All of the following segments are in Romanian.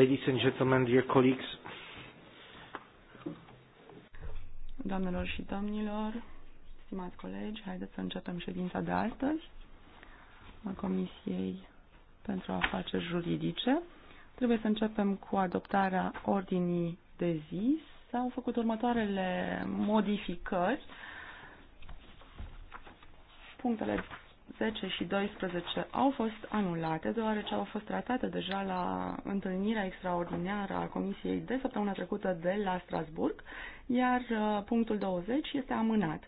Ladies and gentlemen, dear colleagues. Doamnelor și domnilor, stimați colegi, haideți să începem ședința de astăzi a Comisiei pentru Afaceri Juridice. Trebuie să începem cu adoptarea ordinii de zi. S-au făcut următoarele modificări. Punctele 10 și 12 au fost anulate, deoarece au fost tratate deja la întâlnirea extraordinară a Comisiei de săptămâna trecută de la Strasburg, iar uh, punctul 20 este amânat.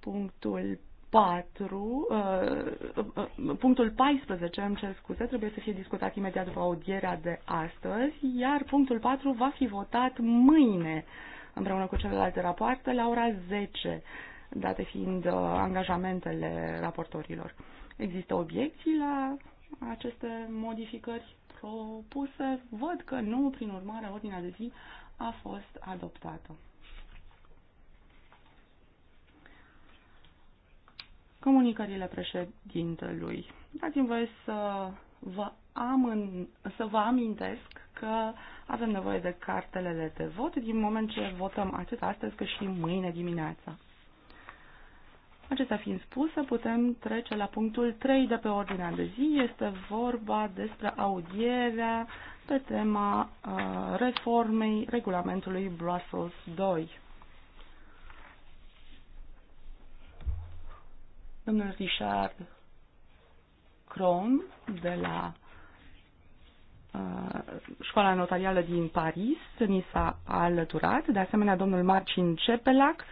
Punctul 4, uh, uh, punctul 14, îmi cer scuze, trebuie să fie discutat imediat după audierea de astăzi, iar punctul 4 va fi votat mâine împreună cu celelalte rapoarte la ora 10 date fiind uh, angajamentele raportorilor. Există obiecții la aceste modificări propuse? Văd că nu, prin urmare, ordinea de zi a fost adoptată. Comunicările președintelui. Dați-mi voie să vă, am în, să vă amintesc că avem nevoie de cartelele de vot din moment ce votăm atât astăzi cât și mâine dimineața. Acestea fiind spuse, putem trece la punctul 3 de pe ordinea de zi. Este vorba despre audierea pe tema uh, reformei regulamentului Brussels 2. Domnul Richard Cron de la uh, Școala Notarială din Paris ni s-a alăturat, de asemenea domnul Marcin Cepelac, uh,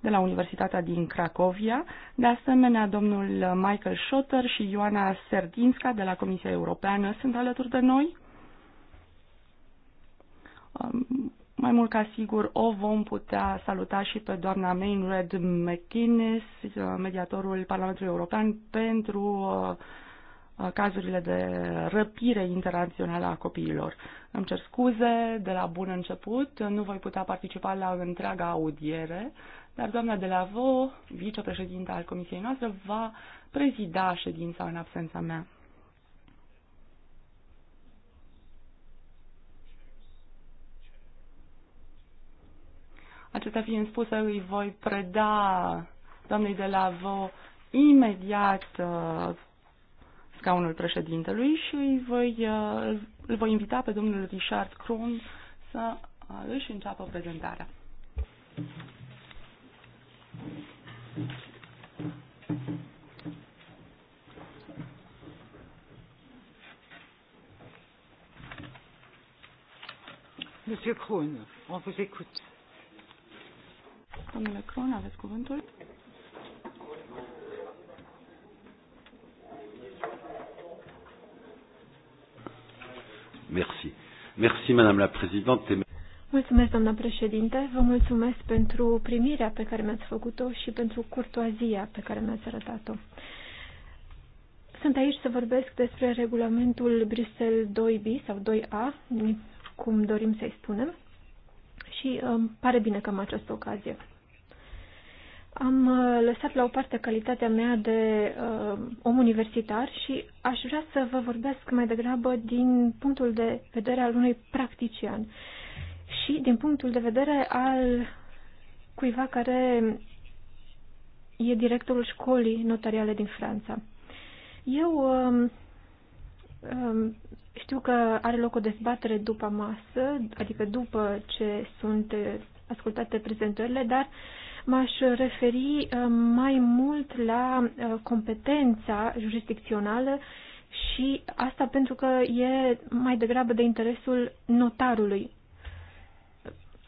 de la Universitatea din Cracovia, de asemenea domnul Michael Schotter și Ioana Serdinska de la Comisia Europeană sunt alături de noi. Um, mai mult ca sigur o vom putea saluta și pe doamna Mainred McInnes, uh, mediatorul Parlamentului European pentru uh, uh, cazurile de răpire internațională a copiilor. Îmi cer scuze de la bun început, nu voi putea participa la întreaga audiere, dar doamna de la Vo, vicepreședinta al comisiei noastre, va prezida ședința în absența mea. Acestea fiind spuse, îi voi preda doamnei de la Vo imediat uh, scaunul președintelui și îi voi, uh, îl voi invita pe domnul Richard Kron să uh, își înceapă prezentarea. Thank you. Monsieur Krohn, on vous écoute. Domnule Krohn, aveți cuvântul? Merci. Merci, Madame la Présidente. Mulțumesc, doamna președinte, vă mulțumesc pentru primirea pe care mi-ați făcut-o și pentru curtoazia pe care mi-ați arătat-o. Sunt aici să vorbesc despre regulamentul Bruxelles 2B sau 2A, cum dorim să-i spunem, și îmi um, pare bine că am această ocazie. Am uh, lăsat la o parte calitatea mea de uh, om universitar și aș vrea să vă vorbesc mai degrabă din punctul de vedere al unui practician. Uh, și din punctul de vedere al cuiva care e directorul școlii notariale din Franța. Eu um, um, știu că are loc o dezbatere după masă, adică după ce sunt ascultate prezentările, dar m-aș referi uh, mai mult la uh, competența jurisdicțională și asta pentru că e mai degrabă de interesul notarului.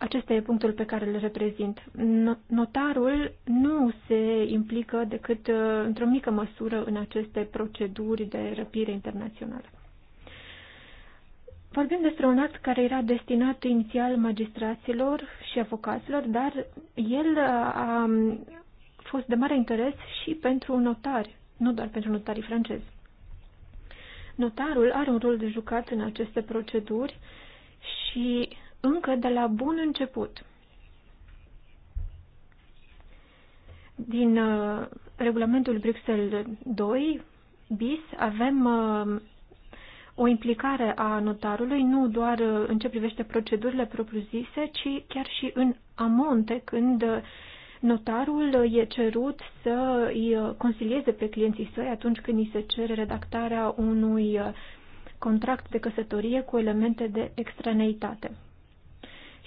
Acesta e punctul pe care îl reprezint. Notarul nu se implică decât uh, într-o mică măsură în aceste proceduri de răpire internațională. Vorbim despre un act care era destinat inițial magistraților și avocaților, dar el uh, a um, fost de mare interes și pentru notari, nu doar pentru notarii francezi. Notarul are un rol de jucat în aceste proceduri și încă de la bun început. Din uh, regulamentul Bruxelles 2 bis avem uh, o implicare a notarului nu doar uh, în ce privește procedurile propriu-zise, ci chiar și în amonte, când uh, notarul uh, e cerut să îi uh, consilieze pe clienții săi atunci când îi se cere redactarea unui uh, contract de căsătorie cu elemente de extraneitate.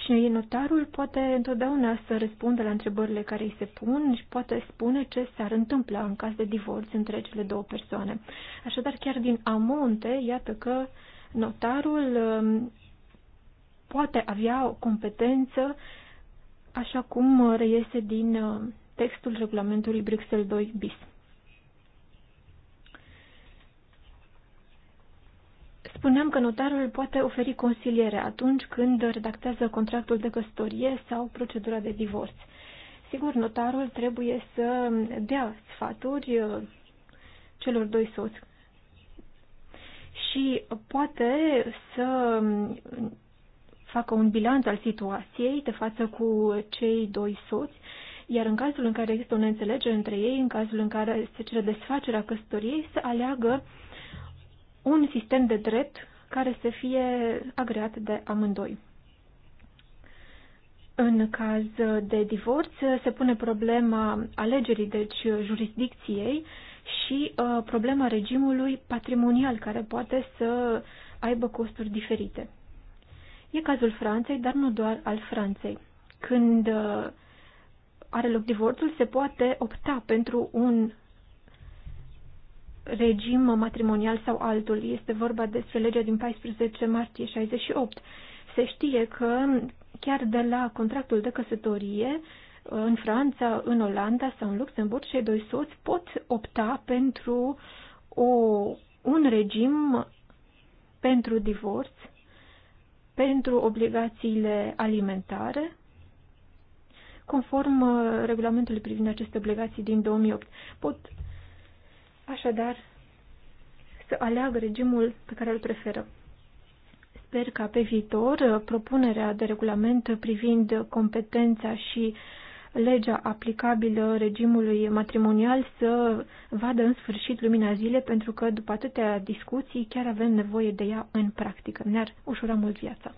Și notarul poate întotdeauna să răspundă la întrebările care îi se pun și poate spune ce s-ar întâmpla în caz de divorț între cele două persoane. Așadar, chiar din amonte, iată că notarul um, poate avea o competență așa cum reiese din uh, textul regulamentului Bruxelles 2 bis. Spuneam că notarul poate oferi consiliere atunci când redactează contractul de căsătorie sau procedura de divorț. Sigur, notarul trebuie să dea sfaturi uh, celor doi soți și poate să um, facă un bilanț al situației de față cu cei doi soți, iar în cazul în care există o neînțelegere între ei, în cazul în care se cere desfacerea căsătoriei, să aleagă uh, un sistem de drept care să fie agreat de amândoi. În caz de divorț se pune problema alegerii, deci jurisdicției, și uh, problema regimului patrimonial, care poate să aibă costuri diferite. E cazul Franței, dar nu doar al Franței. Când uh, are loc divorțul, se poate opta pentru un regim matrimonial sau altul. Este vorba despre legea din 14 martie 68. Se știe că chiar de la contractul de căsătorie, în Franța, în Olanda sau în Luxemburg, cei doi soți pot opta pentru o, un regim pentru divorț, pentru obligațiile alimentare, conform regulamentului privind aceste obligații din 2008. Pot așadar să aleagă regimul pe care îl preferă. Sper ca pe viitor uh, propunerea de regulament privind competența și legea aplicabilă regimului matrimonial să vadă în sfârșit lumina zile, pentru că după atâtea discuții chiar avem nevoie de ea în practică. Ne-ar ușura mult viața.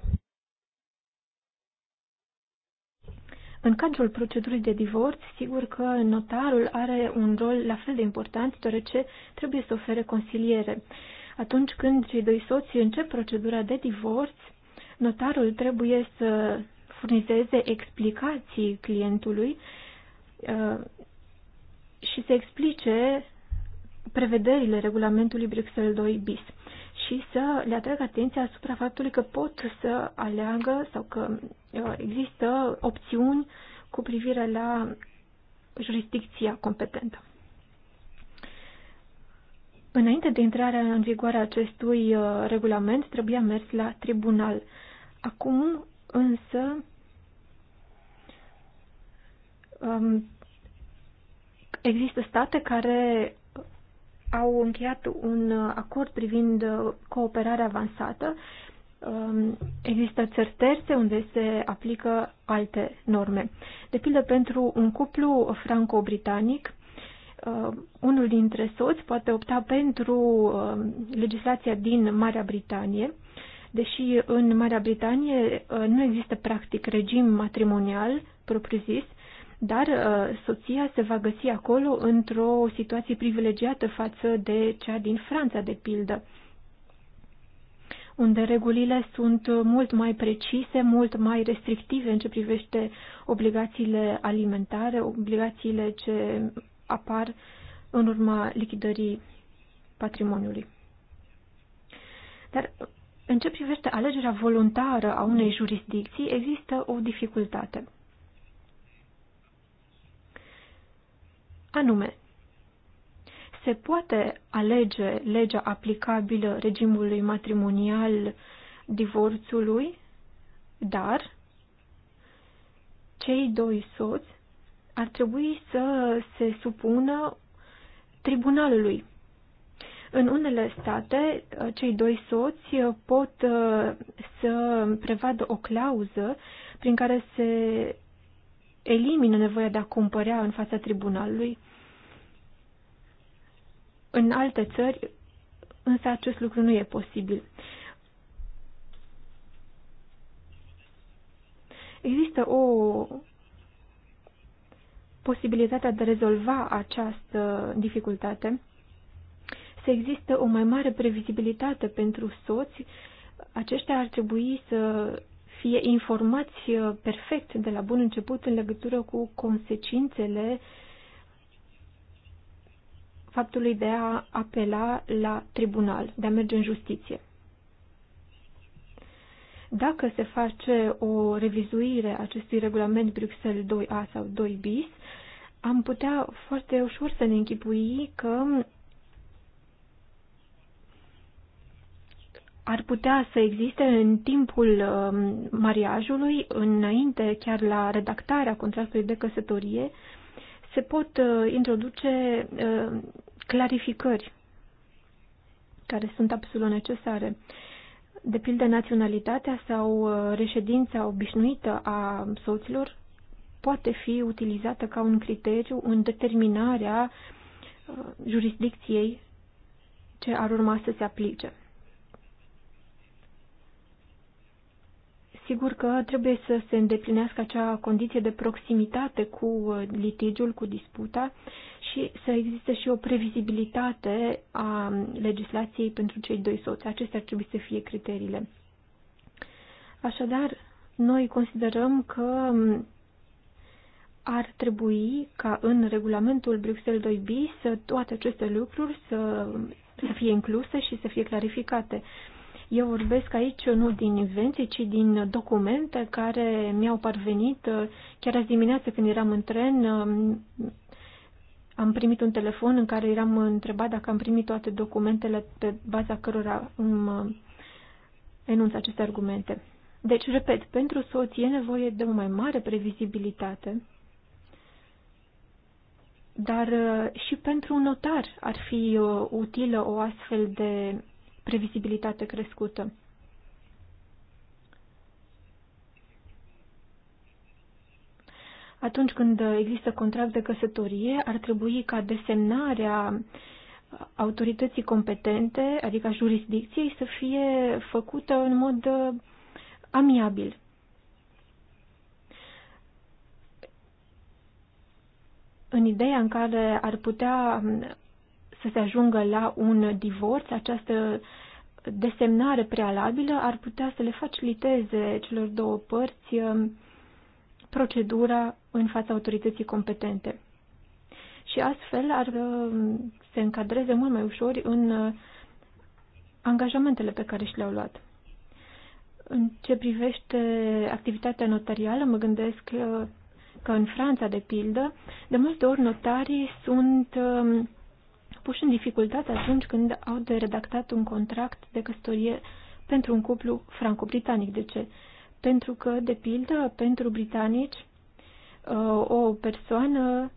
În cadrul procedurii de divorț, sigur că notarul are un rol la fel de important, deoarece trebuie să ofere consiliere. Atunci când cei doi soți încep procedura de divorț, notarul trebuie să furnizeze explicații clientului uh, și să explice prevederile regulamentului Bruxelles 2 bis și să le atrag atenția asupra faptului că pot să aleagă sau că uh, există opțiuni cu privire la jurisdicția competentă. Înainte de intrarea în vigoare a acestui uh, regulament, trebuia mers la tribunal. Acum, însă, um, există state care au încheiat un acord privind cooperarea avansată. Um, există țări terțe unde se aplică alte norme. De pildă, pentru un cuplu franco-britanic, uh, unul dintre soți poate opta pentru um, legislația din Marea Britanie, deși în Marea Britanie uh, nu există practic regim matrimonial propriu-zis, dar uh, soția se va găsi acolo într-o situație privilegiată față de cea din Franța, de pildă, unde regulile sunt mult mai precise, mult mai restrictive în ce privește obligațiile alimentare, obligațiile ce apar în urma lichidării patrimoniului. Dar în ce privește alegerea voluntară a unei jurisdicții, există o dificultate. Anume, se poate alege legea aplicabilă regimului matrimonial divorțului, dar cei doi soți ar trebui să se supună tribunalului. În unele state, cei doi soți pot uh, să prevadă o clauză prin care se elimină nevoia de a cumpărea în fața tribunalului. În alte țări, însă acest lucru nu e posibil. Există o posibilitate de a rezolva această dificultate, să există o mai mare previzibilitate pentru soți, aceștia ar trebui să fie informați uh, perfect de la bun început în legătură cu consecințele faptului de a apela la tribunal, de a merge în justiție. Dacă se face o revizuire acestui regulament Bruxelles 2A sau 2 bis, am putea foarte ușor să ne închipui că ar putea să existe în timpul um, mariajului, înainte chiar la redactarea contractului de căsătorie, se pot uh, introduce uh, clarificări care sunt absolut necesare. De pildă, naționalitatea sau uh, reședința obișnuită a soților poate fi utilizată ca un criteriu în determinarea jurisdicției ce ar urma să se aplice. Sigur că trebuie să se îndeplinească acea condiție de proximitate cu uh, litigiul, cu disputa și să existe și o previzibilitate a um, legislației pentru cei doi soți. Acestea ar trebui să fie criteriile. Așadar, noi considerăm că um, ar trebui ca în regulamentul Bruxelles 2 b să toate aceste lucruri să, să fie incluse și să fie clarificate. Eu vorbesc aici nu din invenții, ci din documente care mi-au parvenit uh, chiar azi dimineață când eram în tren. Um, am primit un telefon în care eram întrebat dacă am primit toate documentele pe baza cărora îmi uh, enunț aceste argumente. Deci, repet, pentru soț e nevoie de o mai mare previzibilitate, dar uh, și pentru un notar ar fi utilă o astfel de previzibilitate crescută. Atunci când există contract de căsătorie, ar trebui ca desemnarea autorității competente, adică a jurisdicției, să fie făcută în mod uh, amiabil. În ideea în care ar putea um, să se ajungă la un divorț, această desemnare prealabilă ar putea să le faciliteze celor două părți um, procedura în fața autorității competente. Și astfel ar um, se încadreze mult mai ușor în uh, angajamentele pe care și le-au luat. În ce privește activitatea notarială, mă gândesc uh, că în Franța, de pildă, de multe ori notarii sunt um, puși în dificultate atunci când au de redactat un contract de căsătorie pentru un cuplu franco-britanic. De ce? Pentru că, de pildă, pentru britanici, uh, o persoană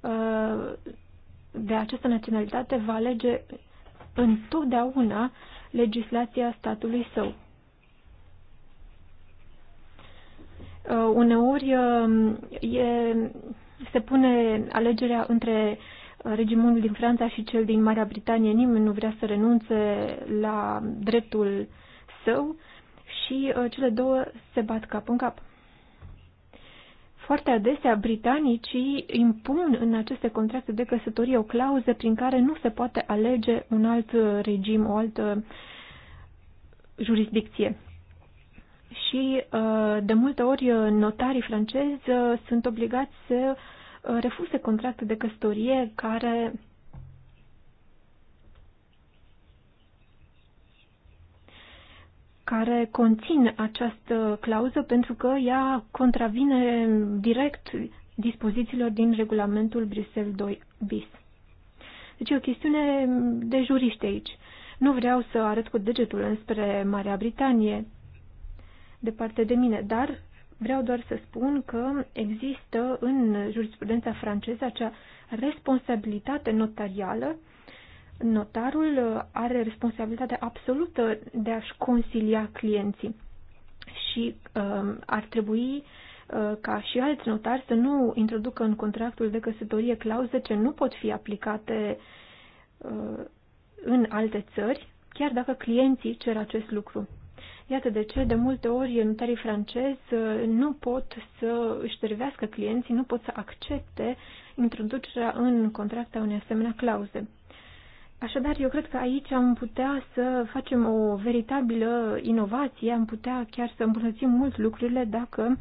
uh, de această naționalitate va alege întotdeauna legislația statului său. Uh, uneori e, se pune alegerea între regimul din Franța și cel din Marea Britanie, nimeni nu vrea să renunțe la dreptul său și uh, cele două se bat cap în cap. Foarte adesea, britanicii impun în aceste contracte de căsătorie o clauză prin care nu se poate alege un alt regim, o altă jurisdicție. Și uh, de multe ori notarii francezi uh, sunt obligați să Uh, refuze contracte de căsătorie care care conțin această clauză pentru că ea contravine direct dispozițiilor din regulamentul Bruxelles 2 bis. Deci e o chestiune de juriște aici. Nu vreau să arăt cu degetul înspre Marea Britanie, departe de mine, dar Vreau doar să spun că există în jurisprudența franceză acea responsabilitate notarială. Notarul are responsabilitatea absolută de a-și consilia clienții și uh, ar trebui uh, ca și alți notari să nu introducă în contractul de căsătorie clauze ce nu pot fi aplicate uh, în alte țări, chiar dacă clienții cer acest lucru. Iată de ce, de multe ori, notarii francezi uh, nu pot să își servească clienții, nu pot să accepte introducerea în contracte a unei asemenea clauze. Așadar, eu cred că aici am putea să facem o veritabilă inovație, am putea chiar să îmbunătățim mult lucrurile dacă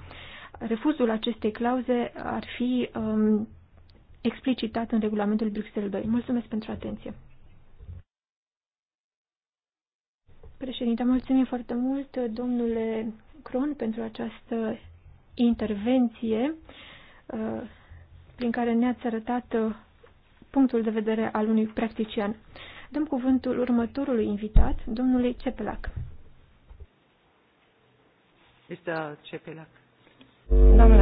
refuzul acestei clauze ar fi um, explicitat în regulamentul Bruxelles 2. Mulțumesc pentru atenție! Președinte, mulțumim foarte mult, domnule Cron, pentru această intervenție uh, prin care ne-ați arătat uh, punctul de vedere al unui practician. Dăm cuvântul următorului invitat, domnului Cepelac. Este Cepelac. Doamne.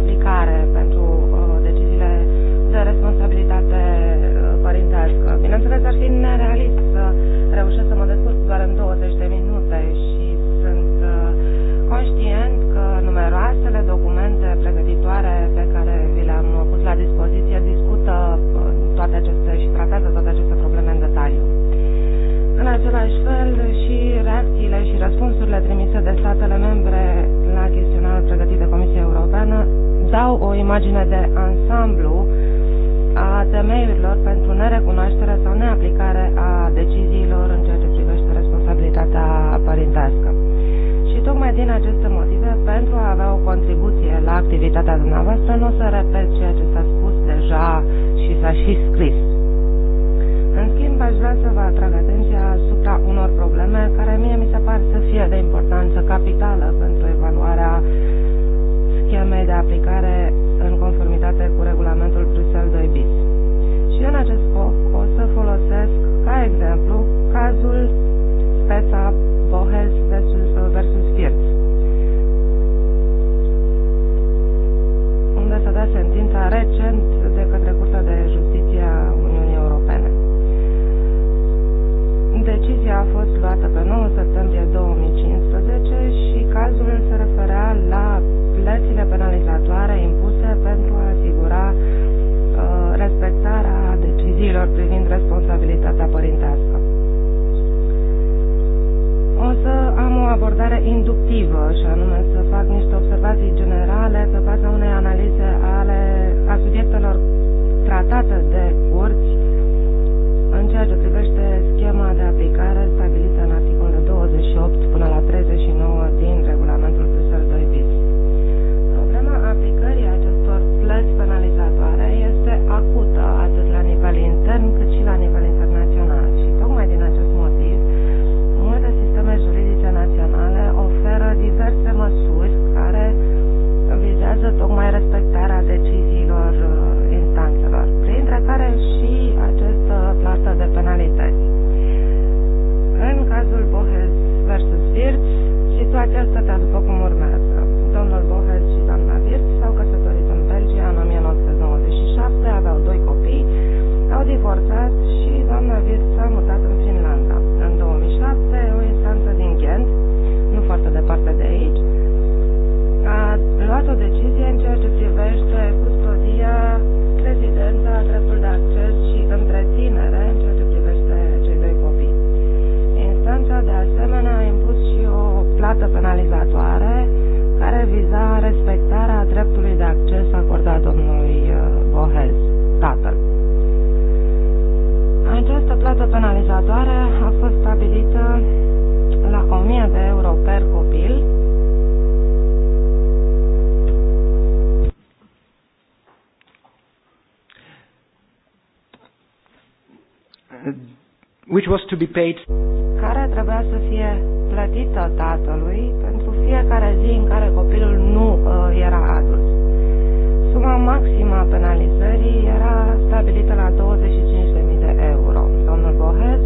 aplicare pentru uh, deciziile de responsabilitate uh, părintească. Bineînțeles, ar fi nerealist să reușesc să mă descurc doar în 20 de minute și sunt uh, conștient că numeroasele documente pregătitoare pe care vi le-am pus la dispoziție discută toate aceste și tratează toate aceste probleme în detaliu. În același fel și reacțiile și răspunsurile trimise de statele membre la chestionarul pregătit de Comisia Europeană sau o imagine de ansamblu a temeiurilor pentru nerecunoaștere sau neaplicare a deciziilor în ceea ce privește responsabilitatea părintească. Și tocmai din aceste motive, pentru a avea o contribuție la activitatea dumneavoastră, nu o să repet ceea ce s-a spus deja și s-a și scris. În schimb, aș vrea să vă atrag atenția asupra unor probleme care mie mi se par să fie de importanță capitală pentru evaluarea uh, scheme de aplicare în conformitate cu regulamentul Bruxelles 2 bis. Și în acest scop o să folosesc ca exemplu cazul speța Bohes versus, versus Firth, unde s-a dat sentința recent de către Curtea de Justiție a Uniunii Europene. Decizia a fost luată pe 9 septembrie 2015 și cazul se referea la modalitățile penalizatoare impuse pentru a asigura uh, respectarea deciziilor privind responsabilitatea părintească. O să am o abordare inductivă și anume să fac niște observații generale pe baza unei analize ale, a subiectelor tratate de curți în ceea ce privește schema de aplicare stabilită în articolele 28 până la 39 din respectarea deciziilor uh, instanțelor, printre care și această plată de penalități. În cazul Bohez versus Virț, situația stătea după cum urmează. Domnul Bohez și doamna Virț s-au căsătorit în Belgia în 1997, aveau doi copii, au divorțat și doamna Virț s-a mutat în Finlanda. În 2007, o instanță din Ghent, nu foarte departe de aici, luat o decizie în ceea ce privește custodia, rezidența, dreptul de acces și întreținere în ceea ce privește cei doi copii. Instanța, de asemenea, a impus și o plată penalizatoare care viza respectarea dreptului de acces acordat domnului uh, Bohez, tatăl. Această plată penalizatoare a fost stabilită la 1000 de euro per copil, which was to be paid care trebuia să fie plătită tatălui pentru fiecare zi în care copilul nu uh, era adus. Suma maximă a penalizării era stabilită la 25.000 de euro. Domnul Bohez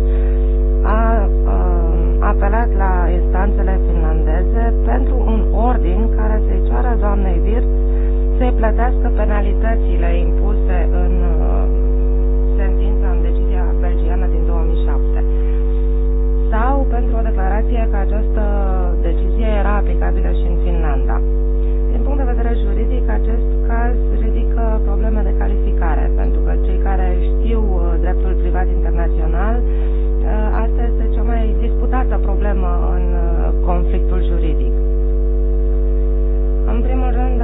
a uh, apelat la instanțele finlandeze pentru un ordin care să-i ceară doamnei Virt să-i plătească penalitățile impuse în uh, sau pentru o declarație că această decizie era aplicabilă și în Finlanda. Din punct de vedere juridic, acest caz ridică probleme de calificare, pentru că cei care știu uh, dreptul privat internațional, uh, asta este cea mai disputată problemă în uh, conflictul juridic. În primul rând,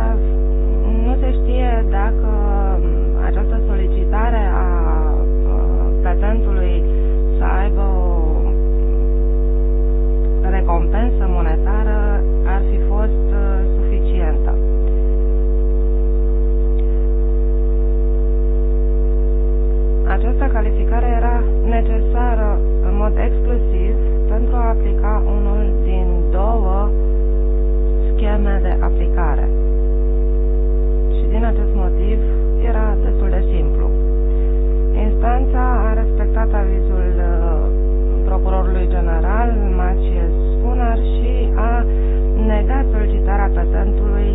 nu se știe dacă um, această solicitare a patentului să aibă o recompensă monetară ar fi fost uh, suficientă. Această calificare era necesară în mod exclusiv pentru a aplica unul din două scheme de aplicare. Și din acest motiv era destul de simplu. Instanța a respectat avizul uh, procurorului general Macies Lunar și a negat da solicitarea patentului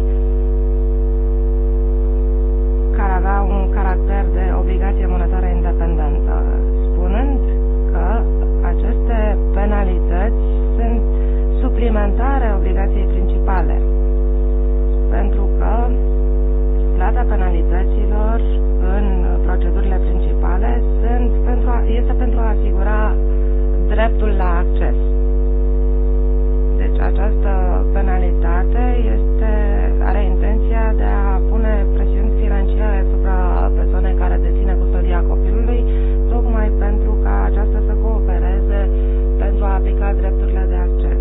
care avea un caracter de obligație monetară independentă, spunând că aceste penalități sunt suplimentare obligației principale, pentru că plata penalităților în procedurile principale sunt pentru a, este pentru a asigura dreptul la acces. Deci această penalitate este, are intenția de a pune presiuni financiare asupra persoanei care deține custodia copilului, tocmai pentru ca aceasta să coopereze pentru a aplica drepturile de acces.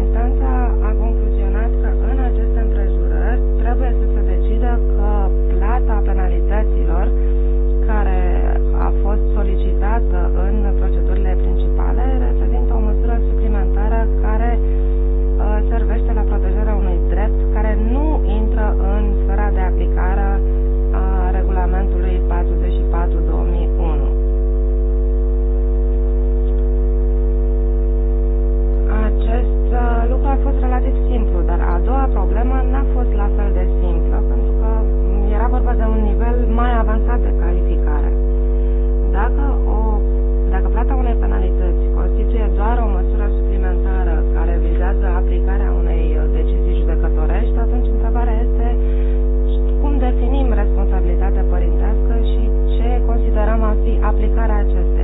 Instanța a concluzionat că în aceste împrejurări trebuie să se decidă că plata penalităților problemă n-a fost la fel de simplă, pentru că era vorba de un nivel mai avansat de calificare. Dacă, o, dacă plata unei penalități constituie doar o măsură suplimentară care vizează aplicarea unei decizii judecătorești, atunci întrebarea este cum definim responsabilitatea părintească și ce considerăm a fi aplicarea acestei.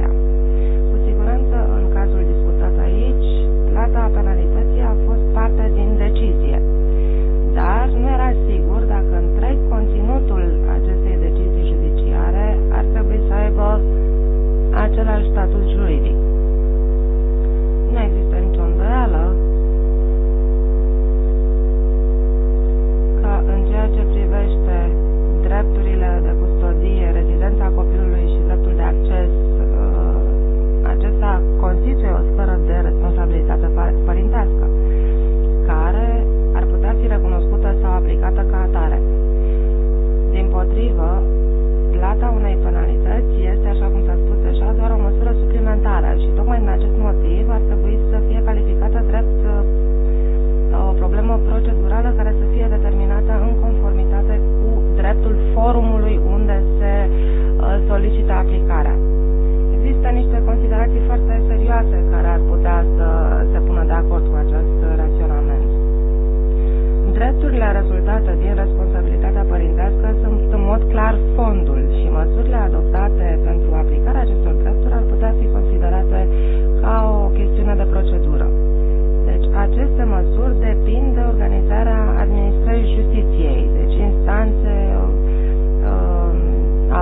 măsuri depind de organizarea administrării justiției, deci instanțe, uh,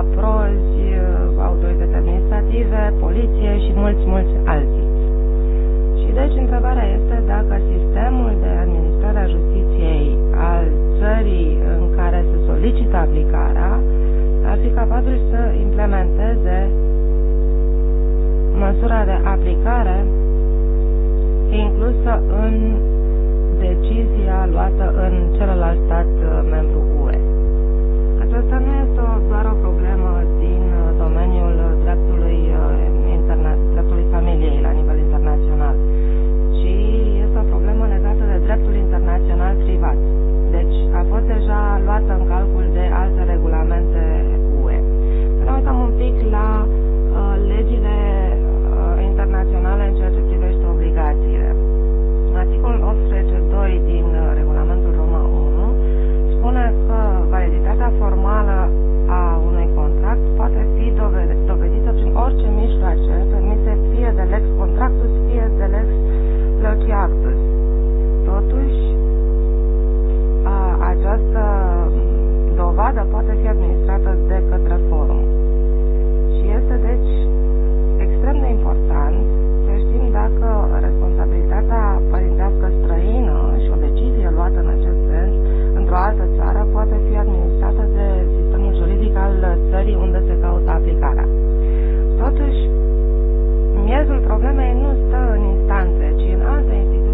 aprozi, uh, autorități administrative, poliție și mulți, mulți alții. Și deci întrebarea este dacă sistemul de administrare a justiției al țării în care se solicită aplicarea ar fi capabil să implementeze măsura de aplicare inclusă în decizia luată în celălalt stat uh, membru UE. Aceasta nu este doar o problemă din uh, domeniul uh, dreptului, dreptului familiei la nivel internațional, ci este o problemă legată de dreptul internațional privat. Deci a fost deja luată în calcul de alte regulamente poate fi administrată de către forum. Și este deci extrem de important să știm dacă responsabilitatea părintească străină și o decizie luată în acest sens într-o altă țară poate fi administrată de sistemul juridic al țării unde se caută aplicarea. Totuși, miezul problemei nu stă în instanțe, ci în alte instituții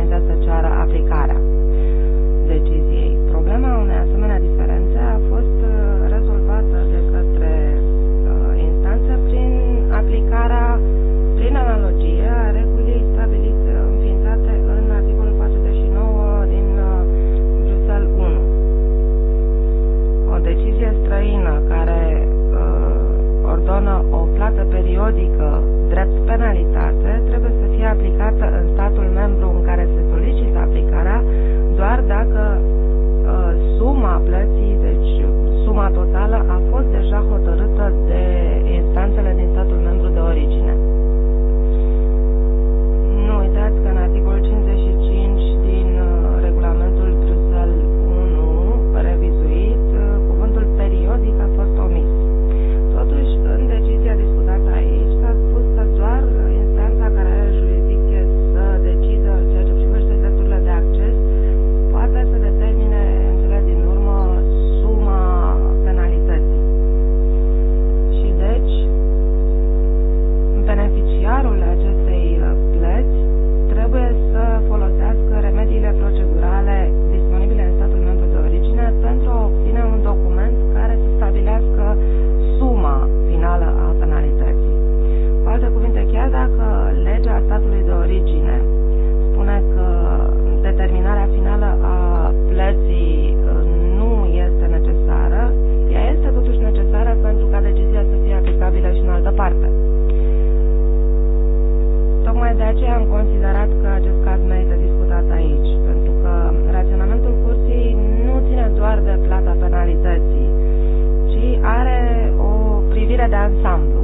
înainte să ceară aplicarea deciziei. Problema unei asemenea diferențe a fost uh, rezolvată de către uh, instanță prin aplicarea, prin analogie, a regulii stabilite înființate în articolul 49 din uh, Bruxelles 1. O decizie străină care ordonă o plată periodică drept penalitate trebuie să fie aplicată în statul membru în care se solicită aplicarea doar dacă uh, suma plății, deci suma totală, a fost deja hotărâtă ansamblu.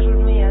mesajul nu este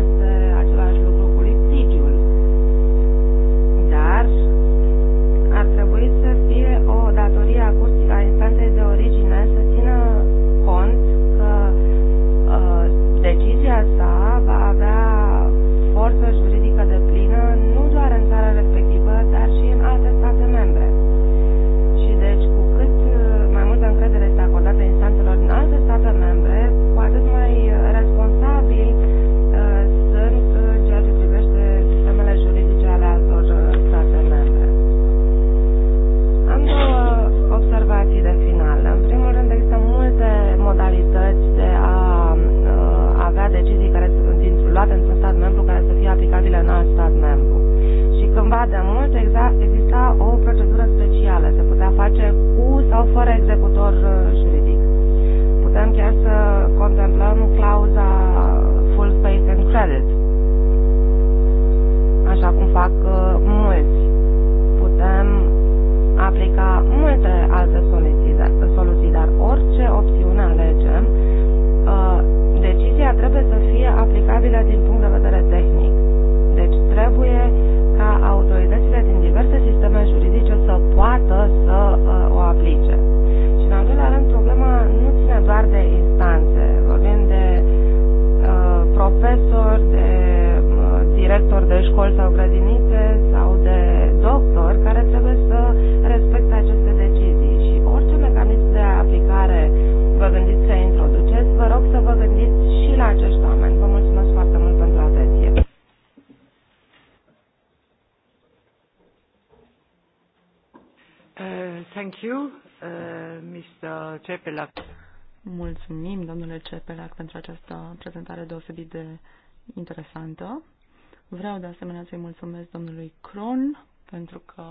Vreau de asemenea să-i mulțumesc domnului Cron pentru că,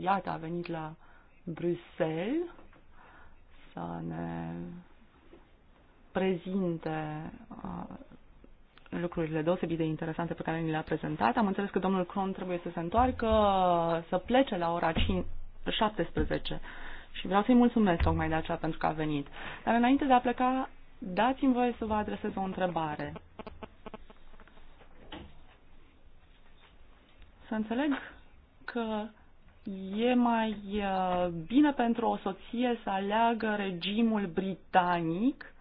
iată, a venit la Bruxelles să ne prezinte lucrurile deosebit de interesante pe care ni le-a prezentat. Am înțeles că domnul Cron trebuie să se întoarcă, să plece la ora 5, 17 și vreau să-i mulțumesc tocmai de aceea pentru că a venit. Dar înainte de a pleca, dați-mi voie să vă adresez o întrebare. Să înțeleg că e mai uh, bine pentru o soție să aleagă regimul britanic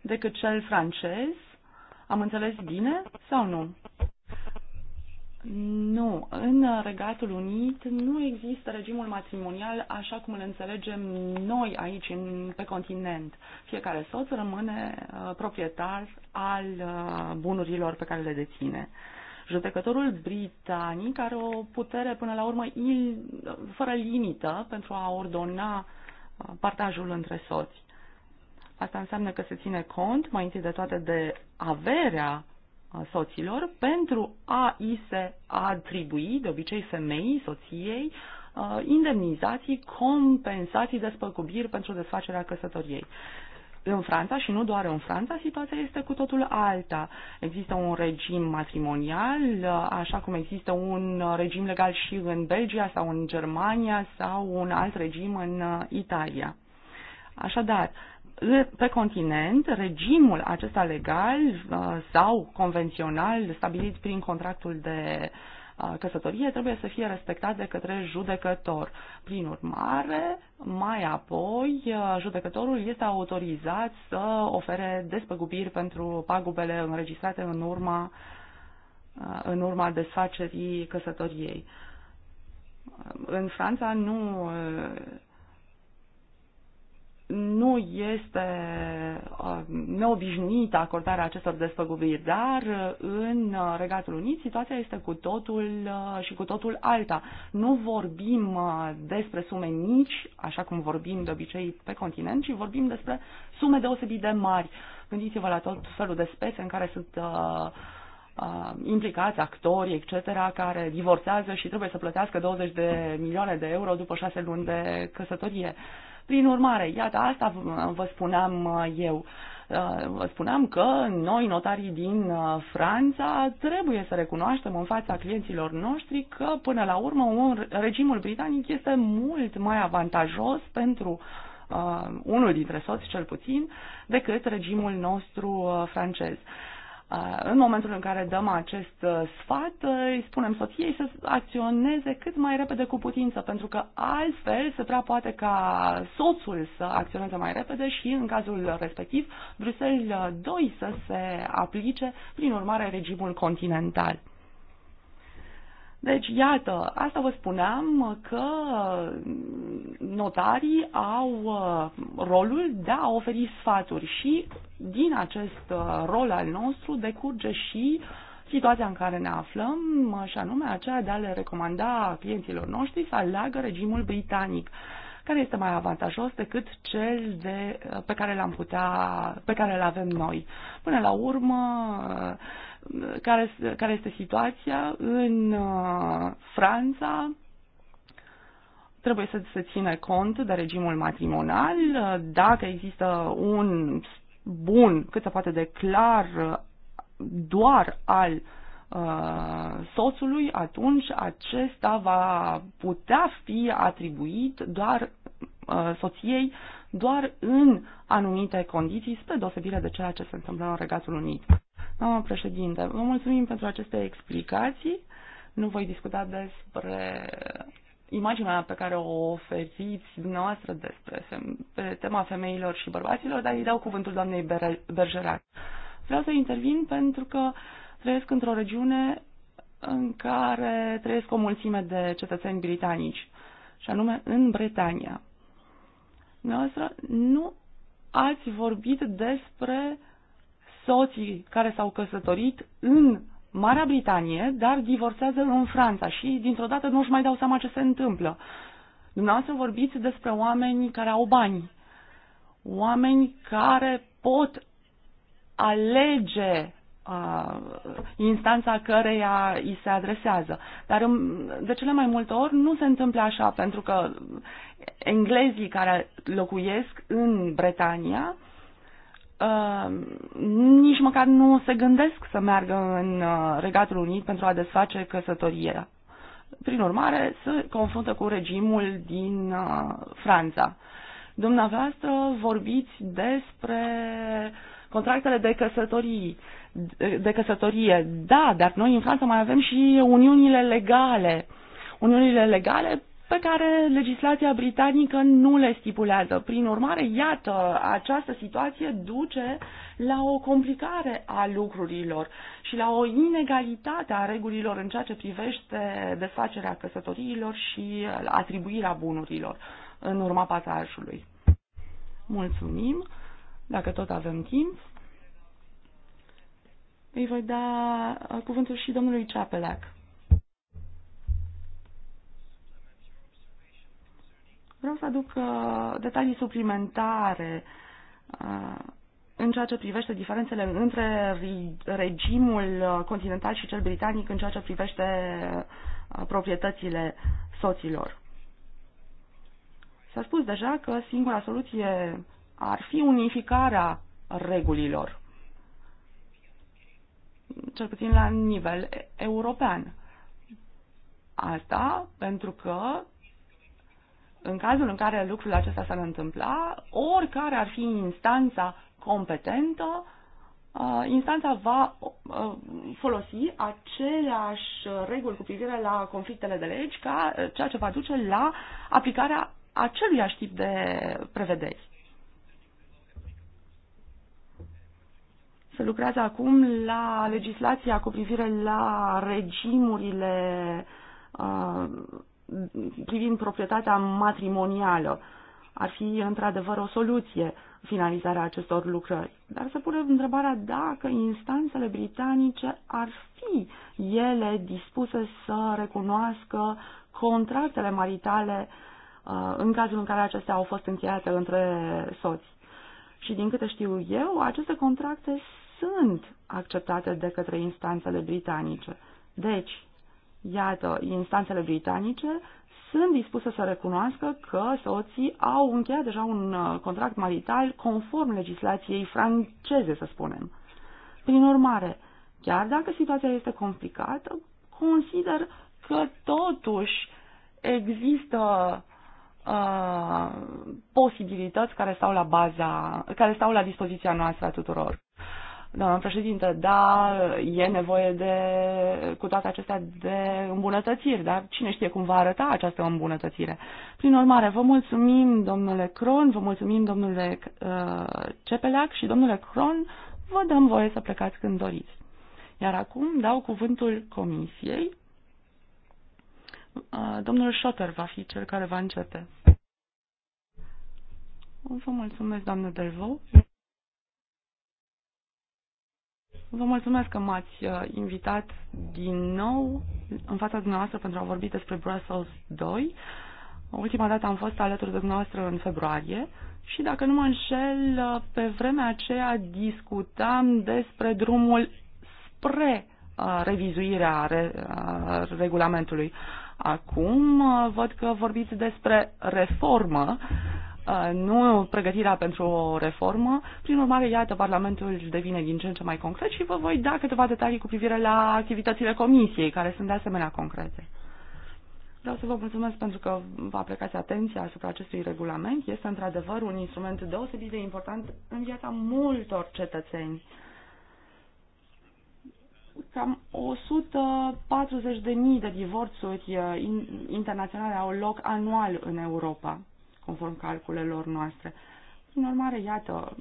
decât cel francez? Am înțeles bine sau nu? Nu, în Regatul Unit nu există regimul matrimonial așa cum îl înțelegem noi aici în, pe continent. Fiecare soț rămâne uh, proprietar al uh, bunurilor pe care le deține. Uh, Judecătorul britanic are o putere până la urmă il, fără limită pentru a ordona uh, partajul între soți. Asta înseamnă că se ține cont mai întâi de toate de averea uh, soților pentru a i se atribui, de obicei femeii, soției, uh, indemnizații, compensații, spăcubiri pentru desfacerea căsătoriei în Franța și nu doar în Franța, situația este cu totul alta. Există un regim matrimonial, așa cum există un regim legal și în Belgia sau în Germania sau un alt regim în uh, Italia. Așadar, pe continent, regimul acesta legal uh, sau convențional stabilit prin contractul de uh, căsătorie trebuie să fie respectat de către judecător. Prin urmare, mai apoi, judecătorul este autorizat să ofere despăgubiri pentru pagubele înregistrate în urma, în urma desfacerii căsătoriei. În Franța nu nu este uh, neobișnuită acordarea acestor despăgubiri, dar uh, în uh, Regatul Unit situația este cu totul și cu totul alta. Nu vorbim despre sume mici, așa cum vorbim de obicei pe continent, ci vorbim despre sume deosebit de mari. Gândiți-vă la tot felul de spese în care sunt implicați, actori, etc., care divorțează și trebuie să plătească 20 de milioane de euro după șase luni de căsătorie. Uh, prin urmare, iată, asta vă spuneam uh, eu. Uh, vă spuneam că noi, notarii din uh, Franța, trebuie să recunoaștem în fața clienților noștri că, până la urmă, un, regimul britanic este mult mai avantajos pentru uh, unul dintre soți, cel puțin, decât regimul nostru francez. Uh, Uh, în momentul în care dăm acest uh, sfat, uh, îi spunem soției să acționeze cât mai repede cu putință, pentru că altfel se prea poate ca soțul să acționeze mai repede și, în cazul respectiv, Bruxelles 2 să se aplice, prin urmare, regimul continental. Deci, iată, asta vă spuneam că notarii au rolul de a oferi sfaturi și din acest uh, rol al nostru decurge și situația în care ne aflăm, și anume aceea de a le recomanda clienților noștri să aleagă regimul britanic care este mai avantajos decât cel de, uh, pe care l-am putea, pe care îl avem noi. Până la urmă, uh, care, care este situația în Franța? Trebuie să se ține cont de regimul matrimonial. Dacă există un bun, cât se poate de clar, doar al uh, soțului, atunci acesta va putea fi atribuit doar uh, soției doar în anumite condiții, spre deosebire de ceea ce se întâmplă în Regatul Unit. Doamna președinte, vă mulțumim pentru aceste explicații. Nu voi discuta despre imaginea pe care o oferiți dumneavoastră despre pe tema femeilor și bărbaților, dar îi dau cuvântul doamnei Bergerac. Vreau să intervin pentru că trăiesc într-o regiune în care trăiesc o mulțime de cetățeni britanici, și anume în Bretania. Noastră nu ați vorbit despre soții care s-au căsătorit în Marea Britanie, dar divorțează în Franța și dintr-o dată nu își mai dau seama ce se întâmplă. Dumneavoastră vorbiți despre oameni care au bani, oameni care pot alege uh, instanța căreia îi se adresează. Dar de cele mai multe ori nu se întâmplă așa, pentru că englezii care locuiesc în Bretania uh, nici măcar nu se gândesc să meargă în uh, Regatul Unit pentru a desface căsătoria. Prin urmare, se confruntă cu regimul din uh, Franța. Dumneavoastră vorbiți despre contractele de căsătorii de căsătorie. Da, dar noi în Franța mai avem și uniunile legale. Uniunile legale pe care legislația britanică nu le stipulează. Prin urmare, iată, această situație duce la o complicare a lucrurilor și la o inegalitate a regulilor în ceea ce privește desfacerea căsătoriilor și atribuirea bunurilor în urma pasajului. Mulțumim, dacă tot avem timp. Îi voi da uh, cuvântul și domnului Ceapelac. Vreau să aduc uh, detalii suplimentare uh, în ceea ce privește diferențele între regimul uh, continental și cel britanic în ceea ce privește proprietățile soților. S-a spus deja că singura soluție ar fi unificarea regulilor, cel puțin la nivel european. Asta pentru că în cazul în care lucrul acesta s-ar întâmpla, oricare ar fi instanța competentă, uh, instanța va uh, folosi aceleași reguli cu privire la conflictele de legi, ca uh, ceea ce va duce la aplicarea aceluiași tip de prevederi. Se lucrează acum la legislația cu privire la regimurile privind proprietatea matrimonială. Ar fi într-adevăr o soluție finalizarea acestor lucrări. Dar se pune întrebarea dacă instanțele britanice ar fi ele dispuse să recunoască contractele maritale uh, în cazul în care acestea au fost încheiate între soți. Și din câte știu eu, aceste contracte sunt acceptate de către instanțele britanice. Deci, Iată, instanțele britanice sunt dispuse să recunoască că soții au încheiat deja un uh, contract marital conform legislației franceze, să spunem. Prin urmare, chiar dacă situația este complicată, consider că totuși există uh, posibilități care stau la baza, care stau la dispoziția noastră a tuturor. Doamna președinte, da, e nevoie de, cu toate acestea de îmbunătățiri, dar cine știe cum va arăta această îmbunătățire. Prin urmare, vă mulțumim, domnule Cron, vă mulțumim, domnule uh, Cepeleac și domnule Cron, vă dăm voie să plecați când doriți. Iar acum dau cuvântul comisiei. Uh, domnul Schotter va fi cel care va începe. Vă mulțumesc, doamnă Delvaux. Vă mulțumesc că m-ați uh, invitat din nou în fața dumneavoastră pentru a vorbi despre Brussels 2. Ultima dată am fost alături de dumneavoastră în februarie și, dacă nu mă înșel, uh, pe vremea aceea discutam despre drumul spre uh, revizuirea regulamentului. Acum văd că vorbiți despre reformă Uh, nu pregătirea pentru o reformă. Prin urmare, iată, Parlamentul devine din ce în ce mai concret și vă voi da câteva detalii cu privire la activitățile Comisiei, care sunt de asemenea concrete. Vreau să vă mulțumesc pentru că vă aplicați atenția asupra acestui regulament. Este într-adevăr un instrument deosebit de important în viața multor cetățeni. Cam 140.000 de divorțuri uh, internaționale au loc anual în Europa conform calculelor noastre. Prin urmare, iată,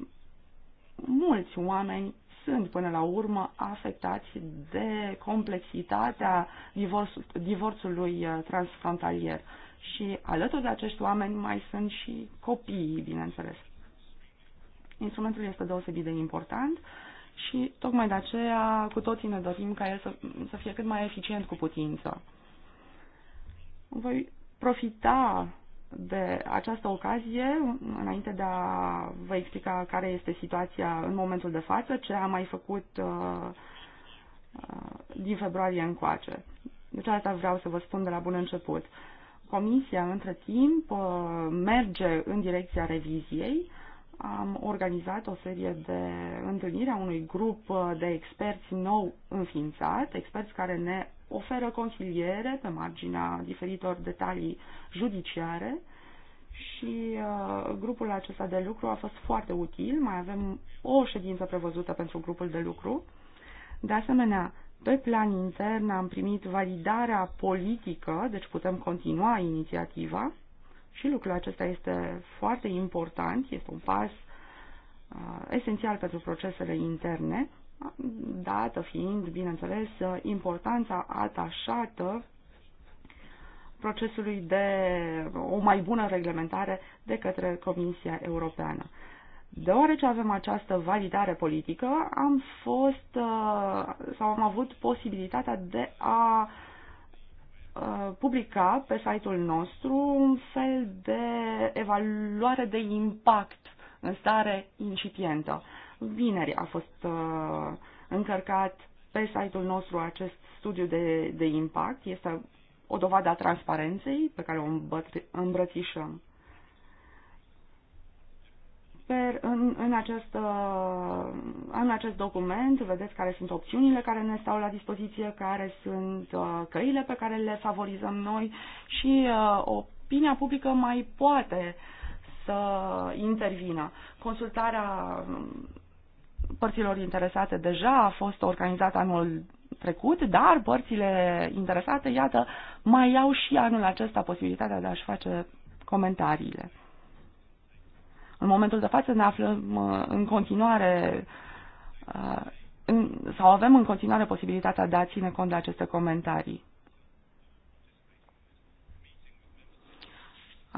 mulți oameni sunt până la urmă afectați de complexitatea divorț, divorțului uh, transfrontalier. Și alături de acești oameni mai sunt și copiii, bineînțeles. Instrumentul este deosebit de important și tocmai de aceea cu toții ne dorim ca el să, să fie cât mai eficient cu putință. Voi profita de această ocazie, înainte de a vă explica care este situația în momentul de față, ce am mai făcut uh, uh, din februarie încoace. Deci asta vreau să vă spun de la bun început. Comisia, între timp, uh, merge în direcția reviziei am organizat o serie de întâlniri a unui grup de experți nou înființat, experți care ne oferă consiliere pe marginea diferitor detalii judiciare și uh, grupul acesta de lucru a fost foarte util. Mai avem o ședință prevăzută pentru grupul de lucru. De asemenea, pe plan intern am primit validarea politică, deci putem continua inițiativa și lucrul acesta este foarte important, este un pas uh, esențial pentru procesele interne, dată fiind, bineînțeles, importanța atașată procesului de o mai bună reglementare de către Comisia Europeană. Deoarece avem această validare politică, am fost uh, sau am avut posibilitatea de a uh, Uh, publica pe site-ul nostru un fel de evaluare de impact în stare incipientă. Vineri a fost uh, încărcat pe site-ul nostru acest studiu de, de impact. Este o dovadă a transparenței pe care o îmbrățișăm sper, în, în, acest, uh, în acest document vedeți care sunt opțiunile care ne stau la dispoziție, care sunt uh, căile pe care le favorizăm noi și uh, opinia publică mai poate să intervină. Consultarea părților interesate deja a fost organizată anul trecut, dar părțile interesate, iată, mai au și anul acesta posibilitatea de a-și face comentariile. În momentul de față ne aflăm uh, în continuare uh, sau avem în continuare posibilitatea de a ține cont de aceste comentarii.